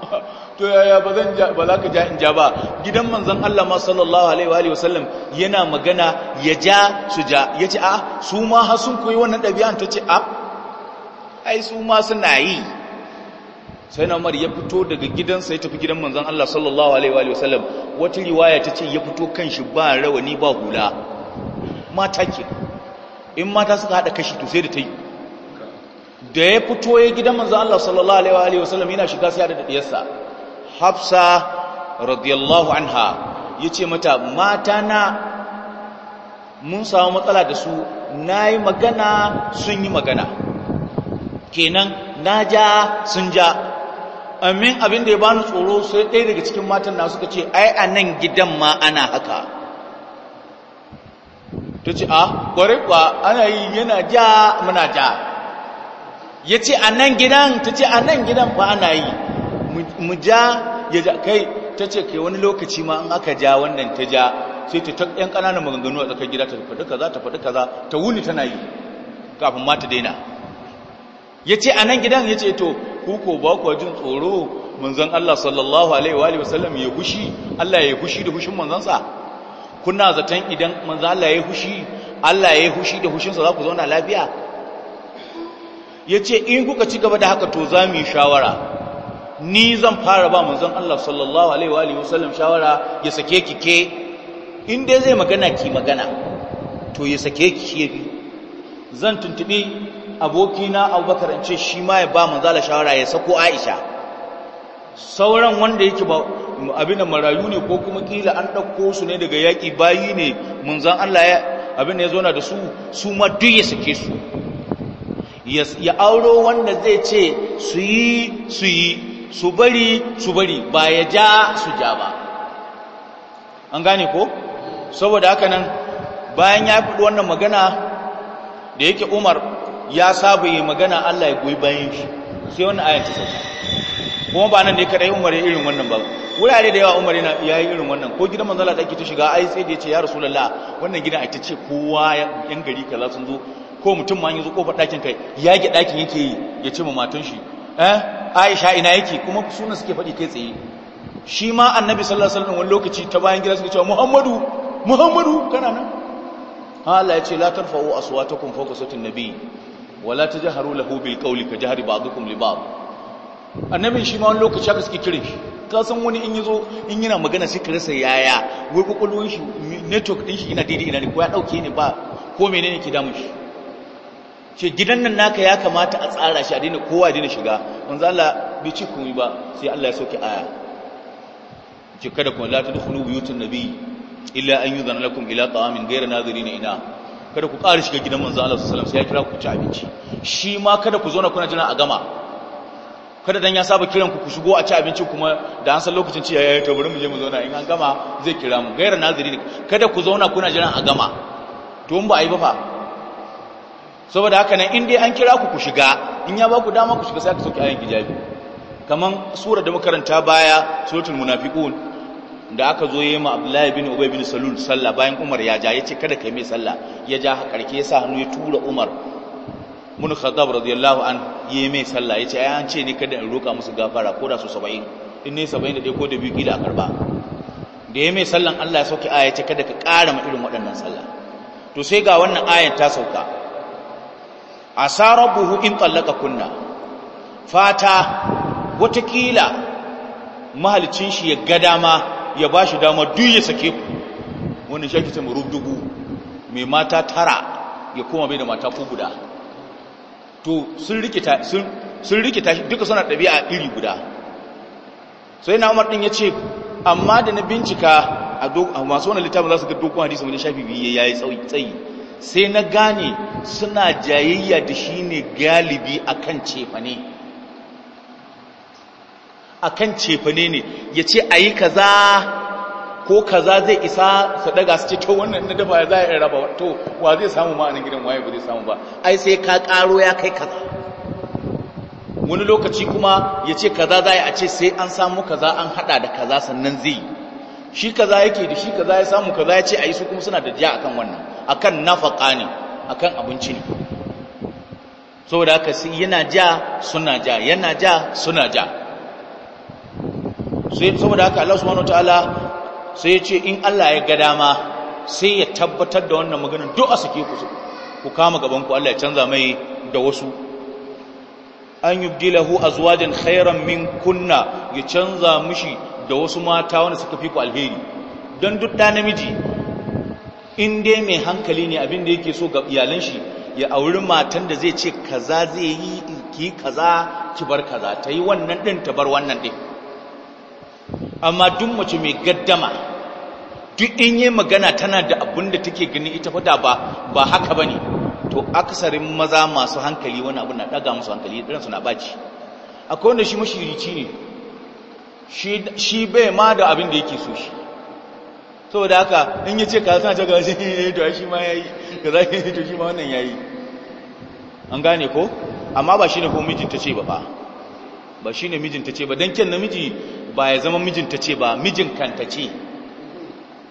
to yaya ba zan ja ba za ka ja in ja ba gidan manzan Allah ma sallallahu alaihi wa sallam yana magana ya ja su ja ya ce a su ma har sun koyi wannan ɗabi'an ta ce a ai su ma suna yi sai na umar ya fito daga gidan ya tafi gidan manzan Allah sallallahu alaihi wa sallam wata riwaya ta ce ya fito kan shi ba rawani ba hula mata ke in mata suka haɗa kashi to sai da ta yi da ya fito ya gidan manzo Allah sallallahu alaihi wa sallam yana shiga sai da diyarsa Hafsa radiyallahu anha yace mata mata na mun samu matsala da su nayi magana sun yi magana kenan naja sun ja amin abin da ya bani tsoro sai ɗaya daga cikin matan na suka ce ai a nan gidan ma ana haka ta ce a ah, ƙwarai kwa ana yi yana ja muna ja ya ce a nan gidan ta ce a nan gidan ba ana yi mu ja ya ja kai ta ce kai wani lokaci ma an aka ja wannan ta ja sai ta ta ƴan ƙananan maganganu a tsakar gida ta faɗi kaza ta faɗi kaza ta wuni tana yi kafin ma ta daina ya ce a nan gidan ya ce to kuko ba kuwa jin tsoro manzon Allah sallallahu alaihi wa sallam ya gushi Allah ya hushi da hushin manzansa kuna zaton idan manzo Allah ya hushi Allah ya hushi da hushinsa za ku zauna lafiya yace in kuka ci gaba da haka to za mu yi shawara ni zan fara ba manzon Allah sallallahu alaihi wa alihi wasallam shawara ya sake ki ke in dai zai magana ki magana to ya sake ki ke bi zan tuntubi abokina Abubakar in ce shi ma ya ba manzo Allah shawara ya sako Aisha sauran wanda yake ba abin da marayu ne ko kuma kila an ɗauko su ne daga yaƙi bayi ne munzan Allah ya abin da ya zona da su su ma duk ya sake su ya auro wanda zai ce su yi su yi su bari su bari ba ya ja su ja ba an gane ko saboda haka nan bayan ya fi wannan magana da yake umar ya saba yi magana Allah ya goyi bayan shi sai wannan ayyanta sauka kuma ba nan ne kadai umar ya irin wannan ba wurare da yawa umar ya yi irin wannan ko gidan manzala da ake ta shiga ai sai da ya ce ya rasulullah wannan gidan ai ta ce kowa yan gari kaza sun zo ko mutum ma yanzu kofar ɗakin kai ya ge ɗakin yake yi ya ce ma matan shi eh aisha ina yake kuma sunan suke faɗi kai tsaye shi ma annabi sallallahu alaihi wasallam wani lokaci ta bayan gidan suka cewa muhammadu muhammadu kana nan Allah ya ce la tarfa'u aswatakum fawqa sautin nabiy wala tajharu lahu bil qawli ka jahri ba'dukum li ba'd annabin shi ma wani lokaci haka suke kiran shi ka san wani in zo in yana magana sai ka rasa yaya wai kokolwan shi network din shi ina daidai ina ne ko ya dauke ne ba ko menene ke damun shi ce gidan nan naka ya kamata a tsara shi a daina kowa daina shiga wanzu Allah bai ci komai ba sai Allah ya soke aya ce kada ku la tadkhulu buyutun nabi illa an yudhana lakum ila ta'amin ghayra nadirina ina kada ku ƙara shiga gidan manzo Allah sallallahu alaihi wasallam sai ya kira ku ci abinci shi ma kada ku zo na kuna jina a gama kada dan ya saba kiran ku ku shigo a ci abinci kuma da an san lokacin ci yayi eh, to bari mu je mu zauna in an gama zai kira mu gairar nazirin kada ku zauna kuna jiran a gama to mun ba ai ba fa saboda haka nan in dai an kira ku ku shiga in ya ba ku dama ku shiga sai ku soki ayan hijabi kaman sura da makaranta baya suratul munafiqun da aka zo yayi ma abdullahi bin ubay bin salul sallah bayan umar ya ja yace kada kai mai sallah ya ja karke ya sa hannu ya tura umar mun khattab radiyallahu an yi mai sallah yace ai an ce ni kada in roka musu gafara ko da su 70 in ne 70 da dai ko da biyu kila a karba da ya mai sallan Allah ya sauke aya ce kada ka ƙara ma irin waɗannan sallah to sai ga wannan ayan ta sauka asa rabbuhu in tallaka kunna fata watakila mahalicin shi ya ga dama ya ba shi dama duk ya sake ku wannan shaki ta mai mata tara ya koma bai da mata ku guda to sun rikita sun rikita duka suna ɗabi'a iri guda sai na umar ɗin ya ce amma da na bincika a masu wani littafin za su ga dokun hadisi wani shafi biyu ya yi tsayi sai na gane suna jayayya da shi ne galibi a kan cefane a kan cefane ne ya ce a yi kaza ko kaza zai isa su daga su ce to wannan na dafa za a raba to wa zai samu ma a gidan waye ba zai samu ba ai sai ka karo ya kai kaza wani lokaci kuma ya ce kaza za a ce sai an samu kaza an hada da kaza sannan zai shi kaza yake da shi kaza ya samu kaza ya ce a yi su kuma suna da jiya akan wannan akan nafaka ne akan abinci ne saboda haka yana ja suna ja yana ja suna ja saboda haka Allah subhanahu wataala sai ya ce in Allah ya ga dama sai ya tabbatar da wannan maganar duk a sake ku ku kama gaban ku Allah ya canza mai da wasu an lahu azwajan khairan min kunna ya canza mishi da wasu mata wanda suka fi ku alheri don duk da namiji in dai mai hankali ne abin da yake so ga iyalan shi ya auri matan da zai ce kaza zai yi ki kaza ki bar kaza ta yi wannan din ta bar wannan din amma duk mace mai gaddama duk in yi magana tana da abin da take gani ita fada ba ba haka ba ne to akasarin maza masu hankali wani abu na ɗaga musu hankali ɗansu na baci akwai wanda shi mashirici ne shi bai ma da abin da yake so shi da haka in yi ce kasa ta gaji shi ne to shi ma ya yi ka za ka yi to shi ma wannan ya yi an gane ko amma ba shi ne ko mijinta ce ba ba ba shi ne mijinta ce ba don kyan namiji ba ya zama mijinta ce ba mijin kanta ce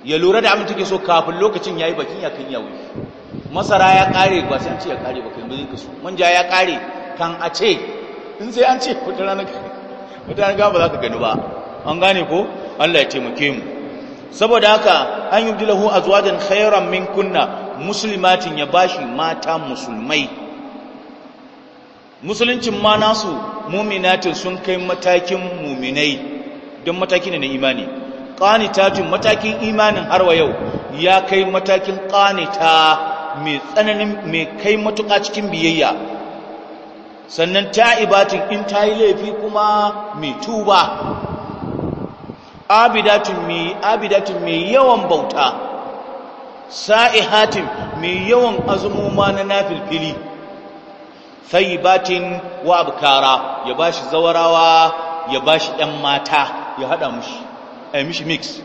ya lura da abin take so kafin lokacin yayi bakin ya kan yawo masara ya kare ba sai an ce ya kare ba kai bazin kasu manja ya kare kan a ce in sai an ce wata ga ba za ka gani ba an gane ko Allah ya taimake mu saboda haka an yi yubdilahu azwajan khairan min kunna muslimatin ya bashi mata musulmai musuluncin ma nasu muminatin sun kai matakin muminai don mataki ne na imani tun matakin imanin harwa yau ya kai matakin ƙanita mai tsananin mai kai matuƙa cikin biyayya sannan ta ibatin in ta yi laifi kuma mai tuba abidatun mai yawan bauta sa'ihatin mai yawan azumuma na nafilfili batin wa kara ya ba shi zawarawa ya ba shi ɗan mata ya haɗa mushi a yi mishi mix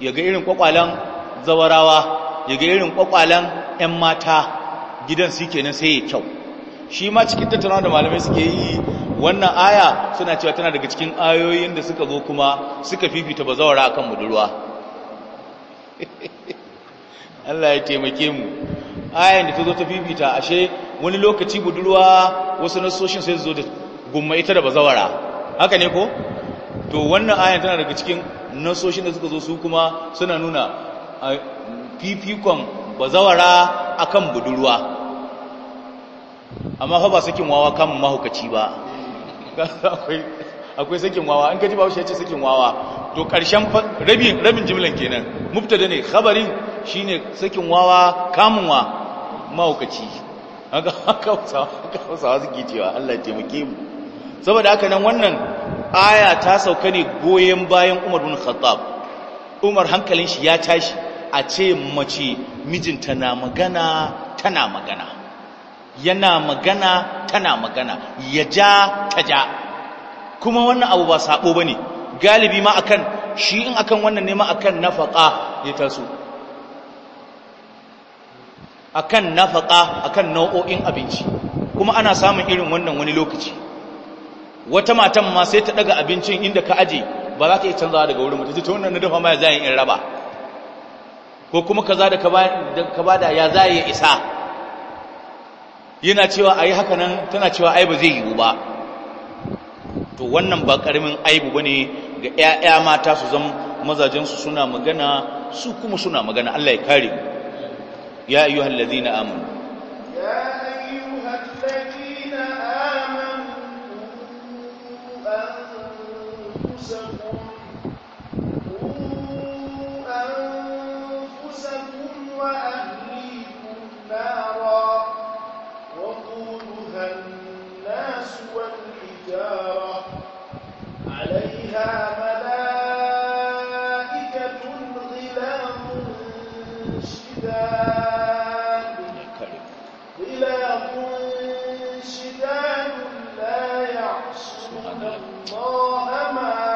ya ga irin kwakwalen zawarawa ya ga irin kwakwalen 'yan mata gidan su kenan sai ya kyau shi ma cikin tattana da malamai suke yi wannan aya suna cewa tana daga cikin ayoyin da suka zo kuma suka fifita bazawara kan budurwa Allah ya taimake mu ayan da ta zo ta fifita ashe wani lokaci budurwa wasu nasoshin sai zo da gumma ita da bazawara haka ne ko to wannan ayan tana daga cikin nasoshin da suka zo su kuma suna nuna fifikon bazawara akan budurwa amma fa ba sakin wawa kan mahukaci ba akwai sakin wawa an gaji ba shi ya ce sakin wawa to ƙarshen rabin rabin jimlan kenan da ne khabarin shine sakin wawa kamun wa mahukaci haka haka hausawa suke cewa Allah ya taimake mu saboda haka nan wannan aya ta sauka ne goyon bayan umar bin khattab umar hankalin shi ya tashi a ce mace mijinta na magana tana magana yana magana tana magana ya ja ta ja kuma wannan abu ba sabo bane galibi ma akan shi in akan wannan ne ma akan nafaka ya taso akan nafaka akan nau'o'in abinci kuma ana samun irin wannan wani lokaci wata matan ma sai ta daga abincin inda ka aje ba za ka iya canzawa daga wurin mutum ta wannan na dafa ma ya zayin in raba ko kuma kaza da ka ba da ya zaye isa yana cewa a yi haka nan tana cewa ai ba zai yiwu ba to wannan ba karamin aibu ne ga 'ya'ya mata su zama mazajensu suna magana su kuma suna magana Allah ya kare mu ya hallazi na ya أنفسكم وأهليكم نارا وقودها الناس والحجارة عليها ملائكة غِلَاظٌ شداد غلام شداد لا يعصون الله ما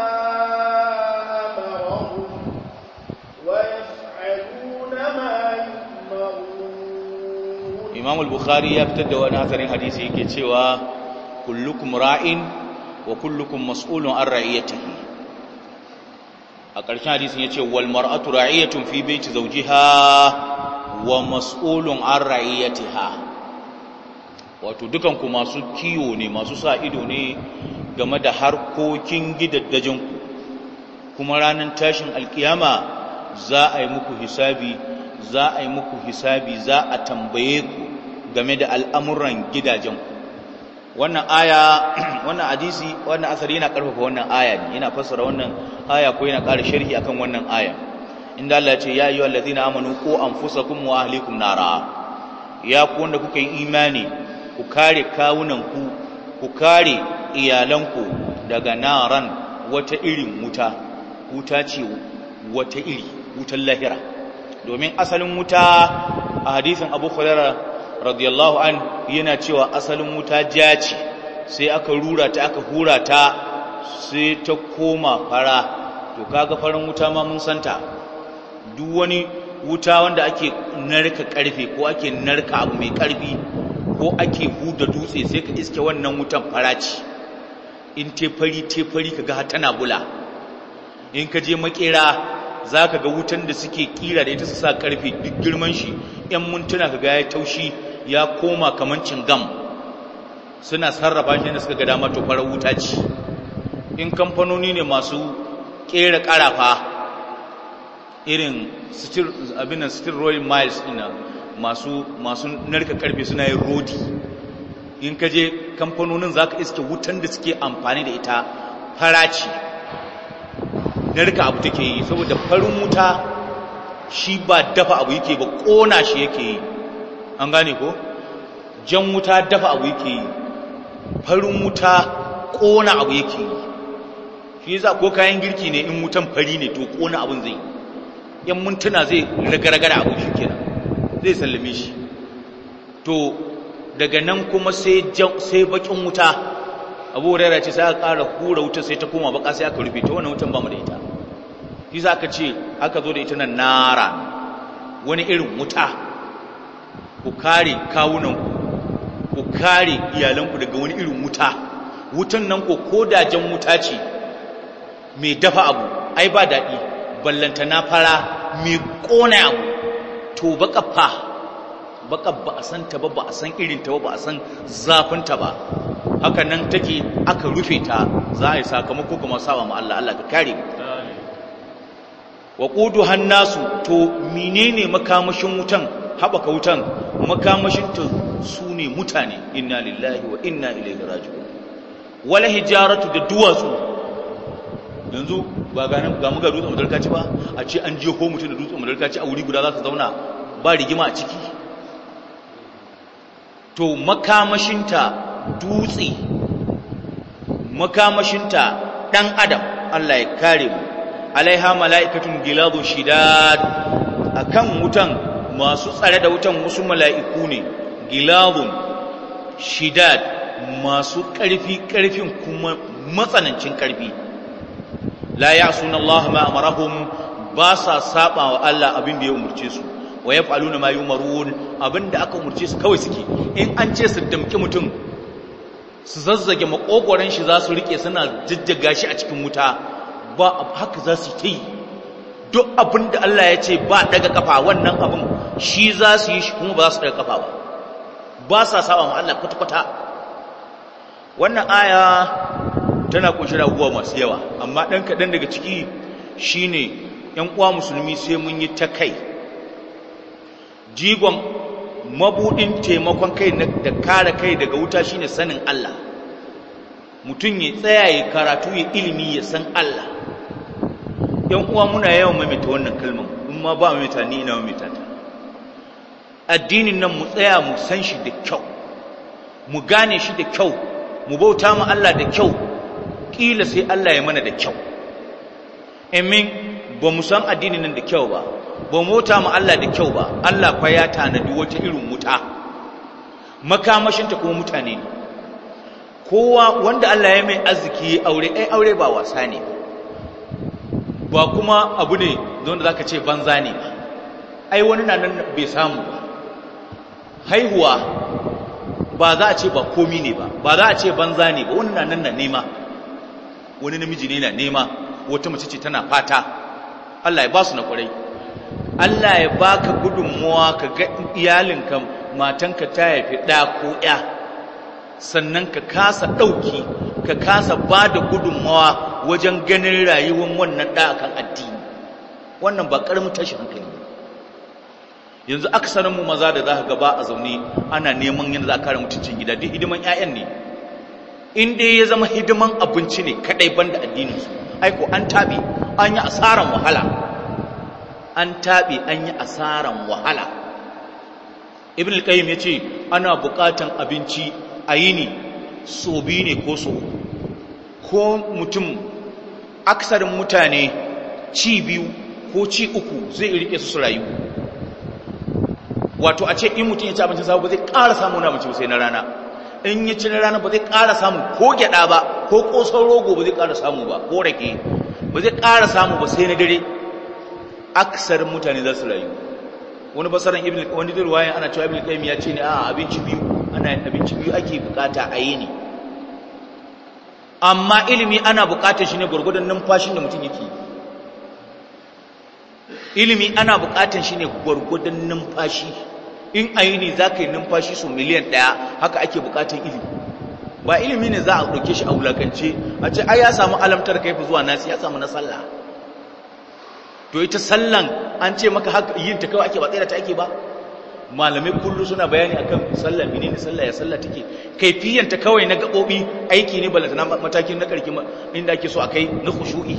imam al-bukhari ya fitar da wani hasarin hadisi yake cewa kullukum ra'in wa kullukum mas'ulun an ra'iyatihi a ƙarshen hadisin yace wal mar'atu ra'iyatun fi baiti zawjiha wa mas'ulun an ra'iyatiha wato dukan ku masu kiyo ne masu sa ido ne game da harkokin gidaddajin ku kuma ranar tashin alkiyama za a yi muku hisabi za a yi muku hisabi za a tambaye ku game da al'amuran gidajen wannan aya wannan hadisi wannan asari yana karfafa wannan aya ne yana fassara wannan aya ko yana ƙara sharhi akan wannan aya inda Allah ya ce ya ayyuhal ladzina amanu qu anfusakum wa ahlikum nara ya ku wanda kuka yi imani ku kare kawunanku ku kare iyalanku daga naran wata irin wuta wuta ce wata iri wutan lahira domin asalin wuta a hadisin Abu Hurairah radiyallahu an yana cewa asalin wuta ja ce sai aka rura ta aka hura ta sai ta koma fara to kaga farin wuta ma mun santa duk wani wuta wanda ake narka karfe ko ake narka abu mai karfi ko ake huda dutse sai ka iske wannan wutan fara ce. in tefari tefari ka ga, tana bula in ka je makera ka ga wutan da suke kira da ita su sa karfe duk girman shi yan ka ga ya taushi ya koma kamancin gam, suna sarrafa shi ne suka ga dama to farar wuta ce in kamfanoni ne masu kera karafa irin abinan steel royal miles ina masu masu narka karfe suna yin rodi in ka je kamfanonin za ka iske wutan da suke amfani da ita faraci narka abu take yi saboda farin wuta shi ba dafa abu yake ba kona shi yake yi an gane ko jan wuta dafa abu yake yi farin wuta kona abu yake yi shi yasa ko kayan girki ne in wutan fari ne to kona abun zai yan mintuna zai ragaragara abu shi kenan zai sallame shi to daga nan kuma sai sai bakin wuta abu rera ce sai aka ƙara hura wuta sai ta koma baka sai aka rufe ta wannan wutan ba mu da ita shi za ka ce aka zo da ita nan nara wani irin wuta ku kare kawunanku ku kare iyalanku daga wani irin wuta wutan nan ko kodajen wuta ce mai dafa abu ai ba daɗi ballanta na fara mai ƙona abu to baka fa baka ba a san ta ba ba a san irin ta ba ba a san zafin ta ba haka nan take aka rufe ta za a yi sakamako kuma sa ma Allah Allah ka kare wa hannasu to menene makamashin wutan haɓaka wutan makamashinta su ne mutane inna lillahi wa inna ilaihi raji'un wala hijaratu da duwatsu yanzu ba ga ga muga dutsen madarkaci ba a ce an jeho mutum da dutsen madarkaci a wuri guda za ka zauna ba rigima a ciki to makamashinta dutse makamashinta ɗan adam Allah ya kare mu alaiha mala'ikatun gilazun shidad akan wutan masu tsare da wutan wasu mala'iku ne gilazun shidad masu ƙarfi ƙarfin kuma matsanancin ƙarfi la ya suna Allah ma amarahum ba sa saba wa Allah abin da ya umarce su wa ya faluna ma yumarun abin da aka umarce su kawai suke in an ce su damki mutum su zazzage makogoran shi za su riƙe suna jijjiga shi a cikin wuta ba haka za su yi ta yi duk abin da Allah ya ce ba daga kafa wannan abin shi za su yi shi kuma ba za su daga kafa ba ba sa saba ma Allah kwata-kwata wannan aya tana kunshi da abubuwa masu yawa amma ɗan kaɗan daga ciki shi ne ‘yan uwa musulmi sai mun yi ta kai jigon mabuɗin taimakon kai da kare kai daga wuta shine sanin Allah mutum ya tsaya ya karatu ya ilimi ya san Allah yan uwa muna yawan mamita wannan kalmar in ma ba mamita ni ina maimaita ta addinin nan mu tsaya mu san shi da kyau mu gane shi da kyau mu bauta mu Allah da kyau ƙila sai Allah ya mana da kyau amin ba mu san addinin nan da kyau ba ba mu bauta mu Allah da kyau ba Allah fa ya tanadi wata irin wuta makamashinta kuma mutane ne kowa wanda Allah ya mai arziki aure ai aure ba wasa ne ba ba kuma abu ne don da zaka ce banza ne ai wani na nan bai samu ba haihuwa ba za a ce ba komi ne ba ba za a ce banza ne ba wani na nan na nema wani namiji ne na nema wata mace ce tana fata Allah ya ba su na kwarai Allah ya baka gudunmuwa ka ga iyalinka matanka ta haifi ɗa ko ya sannan ka kasa ɗauki ka kasa ba da gudunmawa wajen ganin rayuwar wannan ɗa akan addini wannan ba ƙaramin tashin hankali ne yanzu aksarin mu maza da za ka gaba a zaune ana neman yin za a kare mutuncin gida duk hidiman 'ya'yan ne in dai ya zama hidiman abinci ne kaɗai da addinin su aiko an taɓe an yi asaran wahala an taɓe an yi asaran wahala ibn al-qayyim yace ana buƙatan abinci a yini so biyu ne ko so ko mutum aksarin mutane ci biyu ko ci uku zai rike su rayu wato a ce in mutum ya ci abincin samu ba zai ƙara samu na abinci sai na rana in ya ci na rana ba zai ƙara samu ko gyada ba ko ƙosan rogo ba zai ƙara samu ba ko rake ba zai ƙara samu ba sai na dare aksarin mutane za su rayu wani basaran ibn wani dirwaye ana cewa ibn qayyim ya ce ne a abinci biyu ana abinci biyu ake bukata a yi ne amma ilimi ana bukata shi ne gwargwadon numfashin da mutum yake ilimi ana bukata shi ne gwargwadon numfashi in a yi ne za ka yi numfashi su miliyan ɗaya haka ake bukatar ilimi ba ilimi ne za a ɗauke shi a wulakance a ce ai ya samu alamtar ka kaifi zuwa nasi ya samu na sallah to ita sallan an ce maka yin ta kawai ake ba da ta ake ba malamai kullu suna bayani akan sallah menene sallah ya sallah take kaifiyan ta kawai na gabobi aiki ne balata na matakin na karki inda ake so akai na khushu'i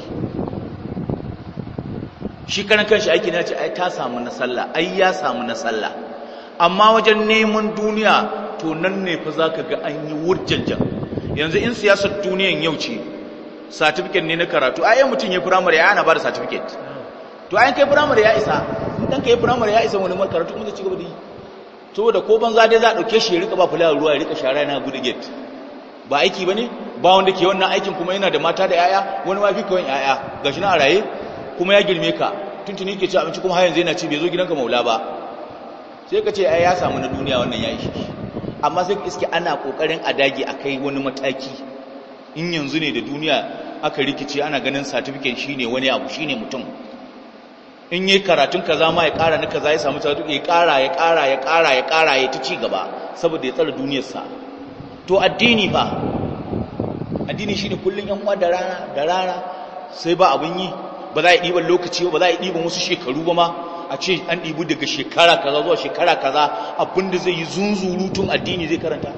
shi karan kanshi aiki ne ce ai ta samu na sallah ai ya samu na sallah amma wajen neman duniya to nan ne fa zaka ga an yi wurjanjan yanzu in siyasar duniyan yau ce certificate ne na karatu ai mutum ya primary ya ana ba da certificate to ai kai primary ya isa dan kai primary ya isa wani markar to kuma zai gaba da yi to da ko banza dai za a dauke shi ya rika ba fulawa ruwa ya rika shara yana gudu gate ba aiki bane ba wanda ke wannan aikin kuma yana da mata da yaya wani ma fi kawai yaya gashi na a raye kuma ya girme ka tuntuni ke ci abinci kuma har yanzu yana ci bai zo gidanka maula ba sai ka ce ai ya samu na duniya wannan ya ishi amma sai ka iske ana kokarin a dage a kai wani mataki in yanzu ne da duniya aka rikice ana ganin certificate shine wani abu shine mutum in yi karatun kaza ma ya kara ni kaza ya samu karatu ya kara ya kara ya kara ya kara ya ta ci gaba saboda ya tsara duniyarsa to addini ba addini shi ne kullum yan uwa da rana da rana sai ba abin yi ba za a yi ɗiban lokaci ba za a yi ɗiban wasu shekaru ba ma a ce an ɗibu daga shekara kaza zuwa shekara kaza abinda zai yi tun addini zai karanta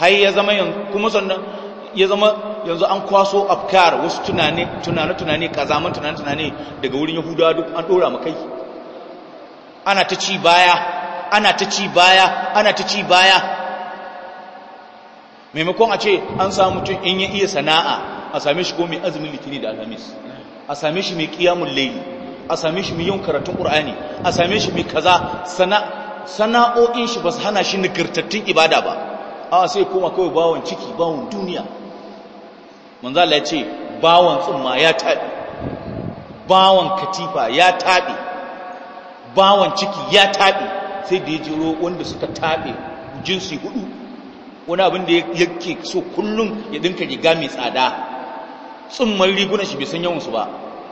har ya zama yanzu kuma sannan ya zama yanzu an kwaso afkar wasu tunane tunane tunane kazaman tunane tunane daga wurin yahudawa duk an dora kai. ana ta ci baya ana ta ci baya ana ta ci baya maimakon a ce an samu mutum in ya iya sana'a a same shi ko mai azumin litini da alhamis a same shi mai kiyamun layi. a same shi mai yin karatun qur'ani a same shi mai kaza sana'o'in shi ba su hana shi nagartattun ibada ba a sai kuma kawai bawon ciki bawon duniya manzala ya ce bawan tsumma ya taɓe bawan katifa ya taɓe bawan ciki ya taɓe sai da ya jiro wanda suka taɓe jinsi hudu wani abin da yake so kullum ya dinka riga mai tsada tsumman rigunan shi bai san yawansu ba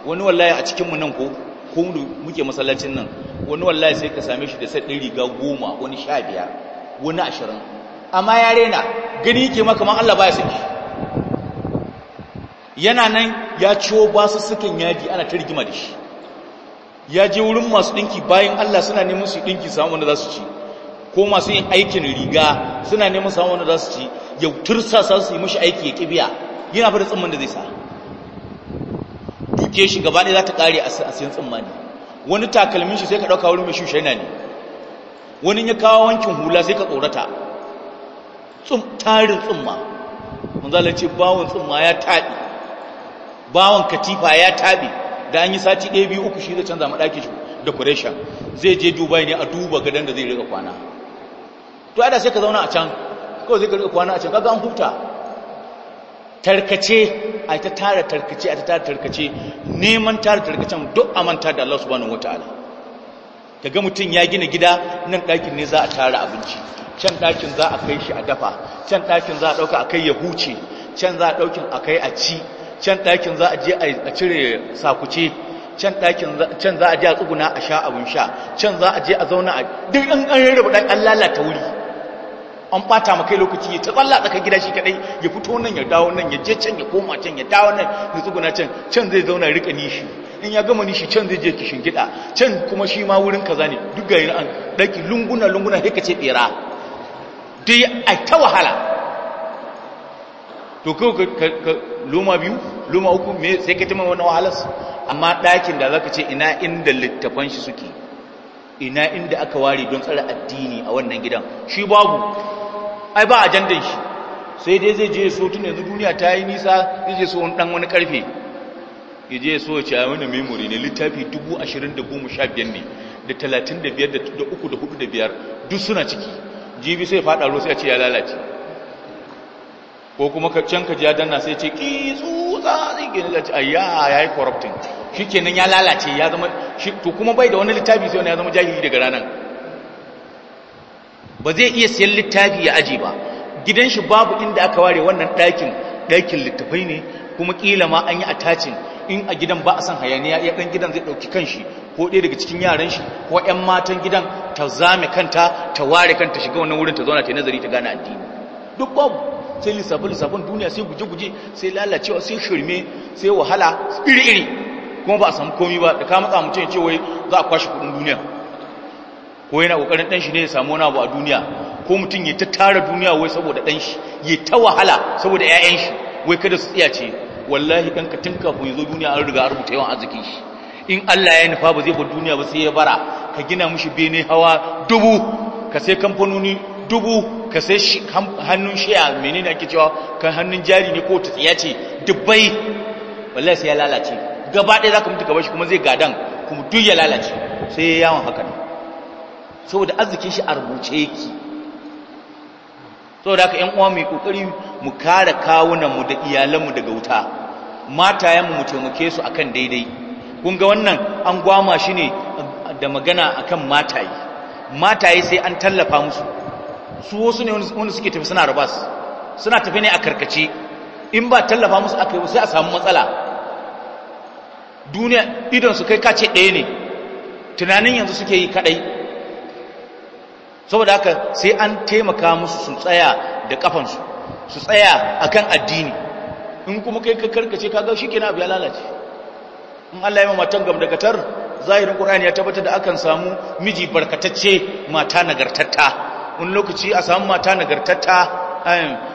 wani wallahi a cikinmu nan ko ko muke masallacin nan wani wallahi sai ka same shi da sai ɗin riga goma wani sha biyar wani ashirin amma ya rena gani yake makaman allah Allah baya saki yana nan ya ciwo basussukan yadi ana ta rigima da shi ya je wurin masu ɗinki bayan Allah suna neman su ɗinki samu wanda za su ci ko masu yin aikin riga suna neman samu wanda za su ci ya tursa sa su yi mashi aiki ya kibiya yana fara tsimman da zai sa duke shi gaba ɗaya za ta ƙare a siyan tsimma wani takalmin shi sai ka ɗauka wurin mai shushena ne wani ya kawo wankin hula sai ka tsorata tarin tsimma manzalar ce bawon tsimma ya taɗi bawan katifa ya tabi da an yi sati ɗaya biyu uku shi zai canza ma ɗakin shi da kuresha zai je dubai ne a duba gadon da zai riga kwana to ada sai ka zauna a can kawai zai ka riga kwana a can kaga an huta tarkace a ta tara tarkace a ta tara tarkace neman tara tarkacen duk a manta da Allah subhanahu wataala kaga mutum ya gina gida nan ɗakin ne za a tara abinci can ɗakin za a kai shi a dafa can ɗakin za a ɗauka a kai ya huce can za a ɗaukin a kai a ci can ɗakin za a je a cire sakuce can can za a je a tsuguna a sha abin sha can za a je a zauna a duk an an rarraba ɗan an lalata wuri an ɓata makai lokaci ya ta tsalla tsaka gida shi kaɗai ya fito nan ya dawo nan ya je can ya koma can ya dawo nan ya tsuguna can can zai zauna riƙa nishi in ya gama nishi can zai je kishin gida can kuma shi ma wurin kaza ne duk ga an ɗaki lunguna lunguna haikace ce ɓera dai a ta wahala to kawai ka luma biyu luma uku me sai ka tima wani wahalas amma ɗakin da zaka ce ina inda littafan shi suke ina inda aka ware don tsara addini a wannan gidan shi babu ai ba ajandan shi sai dai zai je so tun yanzu duniya ta yi nisa zai je so wani dan wani karfe ya je so ya ce a wani memory ne littafi 20,015 ne da 35 da 3 da 4 da 5 duk suna ciki jibi sai faɗa ruwa sai a ce ya lalace ko kuma ka can ka ji danna sai ce ki tsutsa zai gina ci ayya ya yi corrupting shi kenan ya lalace ya zama to kuma bai da wani littafi sai wani ya zama jahili daga ranar ba zai iya siyan littafi ya aji ba gidan shi babu inda aka ware wannan ɗakin ɗakin littafai ne kuma ƙila ma an yi tacin in a gidan ba a san hayaniya ya ɗan gidan zai ɗauki kan shi ko ɗaya daga cikin yaran shi ko ƴan matan gidan ta zame kanta ta ware kanta shiga wannan wurin ta zauna ta nazari ta gane addini duk babu sai lissafin-lissafin duniya sai guje-guje sai lalacewa sai shirme sai wahala iri-iri kuma ba a samu komi ba da kama tsamu ce wai za a kwashe kudin duniya ko yana kokarin dan shi ne ya samu wani abu a duniya ko mutum ya ta duniya wai saboda dan shi ya ta wahala saboda ƴaƴan shi wai kada su ce wallahi kanka ka kafin ya zo duniya an riga an rubuta yawan arzikin shi in Allah ya nufa ba zai bar duniya ba sai ya bara ka gina mishi bene hawa dubu ka sai kamfanoni dubu ka sai hannun shiya menene ake cewa kan hannun jari ne ko ta tsiya ce dubbai wallahi sai ya lalace gaba ɗaya zaka mutu gaba shi kuma zai gadan kuma duk ya lalace sai ya yawon haka ne saboda arzikin shi a rubuce yake saboda haka ƴan uwa mai kokari mu kare kawunan mu da iyalan mu daga wuta Mataye mu mu taimake su akan daidai kun ga wannan an gwama shi ne da magana akan mataye mataye sai an tallafa musu su wasu ne wani suke tafi suna rabas suna tafi ne a karkace in ba tallafa musu aka yi sai a samu matsala duniya idonsu kai kace ɗaya ne tunanin yanzu suke yi kaɗai saboda haka sai an taimaka musu su tsaya da kafansu su tsaya a kan addini in kuma kai ka karkace kaga shi kenan abu ya lalace in Allah ya yi matan gatar zahirin ƙur'ani ya tabbatar da akan samu miji barkatacce mata nagartatta wani lokaci a samu mata nagartatta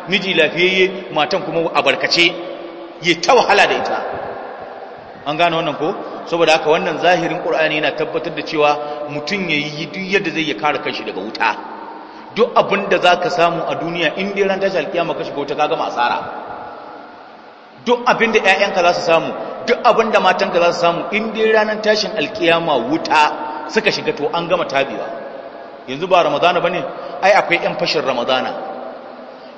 miji lafiyayye matan kuma a barkace ya ta wahala da ita an gane wannan ko saboda haka wannan zahirin ƙur'ani yana tabbatar da cewa mutum ya yi duk yadda zai ya kare kanshi daga wuta duk abin da za ka samu a duniya in dai ran tashi alƙiyama ka shiga wuta ka gama asara duk abin da ƴaƴanka za su samu duk abin da matanka za su samu in dai ranar tashin alkiyama wuta suka shiga to an gama tabiwa. yanzu ba ramadana ba ne ai akwai 'yan fashin ramadana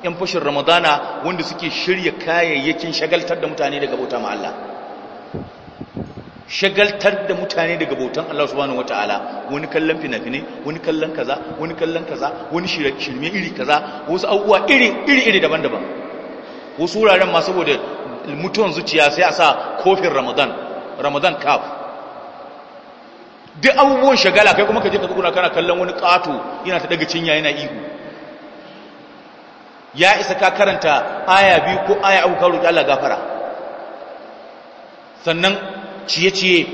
'yan fashin ramadana wanda suke shirya kayayyakin shagaltar da mutane daga bauta ma Allah shagaltar da mutane daga bautan Allah subhanahu wataala wani kallon fina-finai wani kallon kaza wani kallon kaza wani shirme iri kaza wasu abubuwa iri iri iri daban-daban wasu wuraren ma saboda mutuwan zuciya sai a sa kofin ramadan ramadan kaf. duk abubuwan shagala kai kuma ka je ka tsuguna kana kallon wani ƙato yana ta daga cinya yana ihu ya isa ka karanta aya biyu ko aya abu ka roƙi Allah gafara sannan ciye-ciye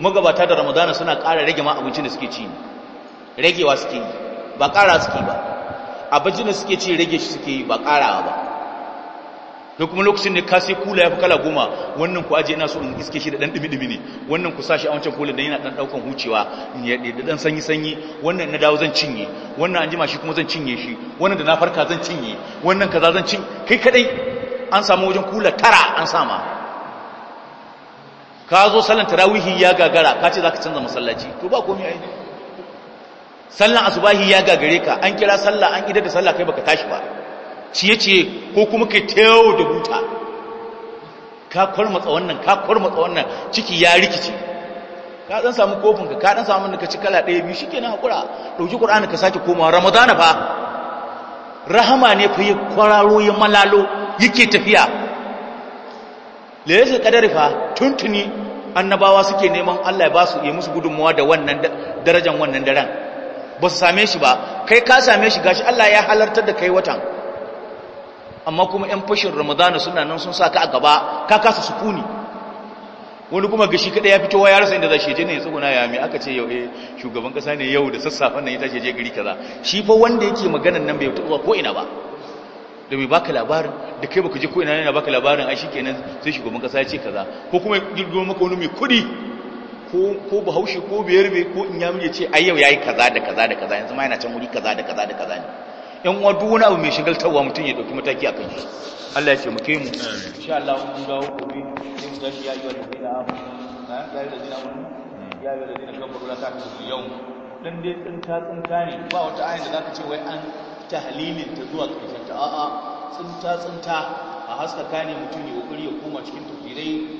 magabata da ramadana suna ƙara rage ma abincin da suke ci ragewa suke yi ba ƙara suke ba abincin da suke ci rage shi suke yi ba ƙarawa ba da kuma lokacin ne ka sai kula ya fi kala goma wannan ku aje ina so in iske shi da dan dimi-dimi ne wannan ku sashi a wancan kula dan yana dan daukan hucewa da dan sanyi-sanyi wannan na dawo zan cinye wannan an jima shi kuma zan cinye shi wannan da na farka zan cinye wannan kaza zan cin kai kadai an samu wajen kula tara an sama ka zo sallan tarawihi ya gagara ka ce zaka canza masallaci to ba komai ai sallan asubahi ya gagare ka an kira sallah an idar da sallah kai baka tashi ba ciye-ciye ko kuma ka tewo da buta ka kwarmatsa wannan ka kwarmatsa wannan ciki ya rikici ka dan samu kofinka ka dan samu ka ci kala ɗaya biyu na hakura dauki qur'ani ka sake koma ramadana fa rahama ne fa ya kwararo ya malalo yake tafiya laysa qadari fa tuntuni annabawa suke neman Allah ya ba su yi musu gudunmuwa da wannan darajar wannan daren ba su same shi ba kai ka same shi gashi Allah ya halartar da kai watan amma kuma 'yan fashin ramadana suna nan sun sa ka a gaba ka kasa su kuni. wani kuma gashi kada ya fito ya rasa inda za shi je ne ya tsuguna ya mai aka ce yau eh shugaban kasa ne yau da sassafen nan ya tashi je gari kaza shi fa wanda yake maganan nan bai taɓa ko ina ba da mai baka labarin da kai baka je ko ina ne na baka labarin ai shikenan sai shugaban kasa ya ce kaza ko kuma girgo maka wani mai kuɗi ko ko bahaushe ko biyar bai ko in ya ce ai yau yayi kaza da kaza da kaza yanzu ma yana can wuri kaza da kaza da kaza ne yan uwa duk wani abu mai shigar tawa mutum ya dauki mataki a kai Allah ya ce mu insha Allah mun dawo gobe sai mu tashi ya yi wa abu. na ya yi ladina amanu ya yi hmm. ladina kafaru la ta'khudhu yau dan dai ta tsinta ne ba wata ayin da zaka ce wai an tahlilin ta zuwa karshen ta a'a tsinta tsinta a haskaka ne mutum ya kokari ya koma cikin tafirai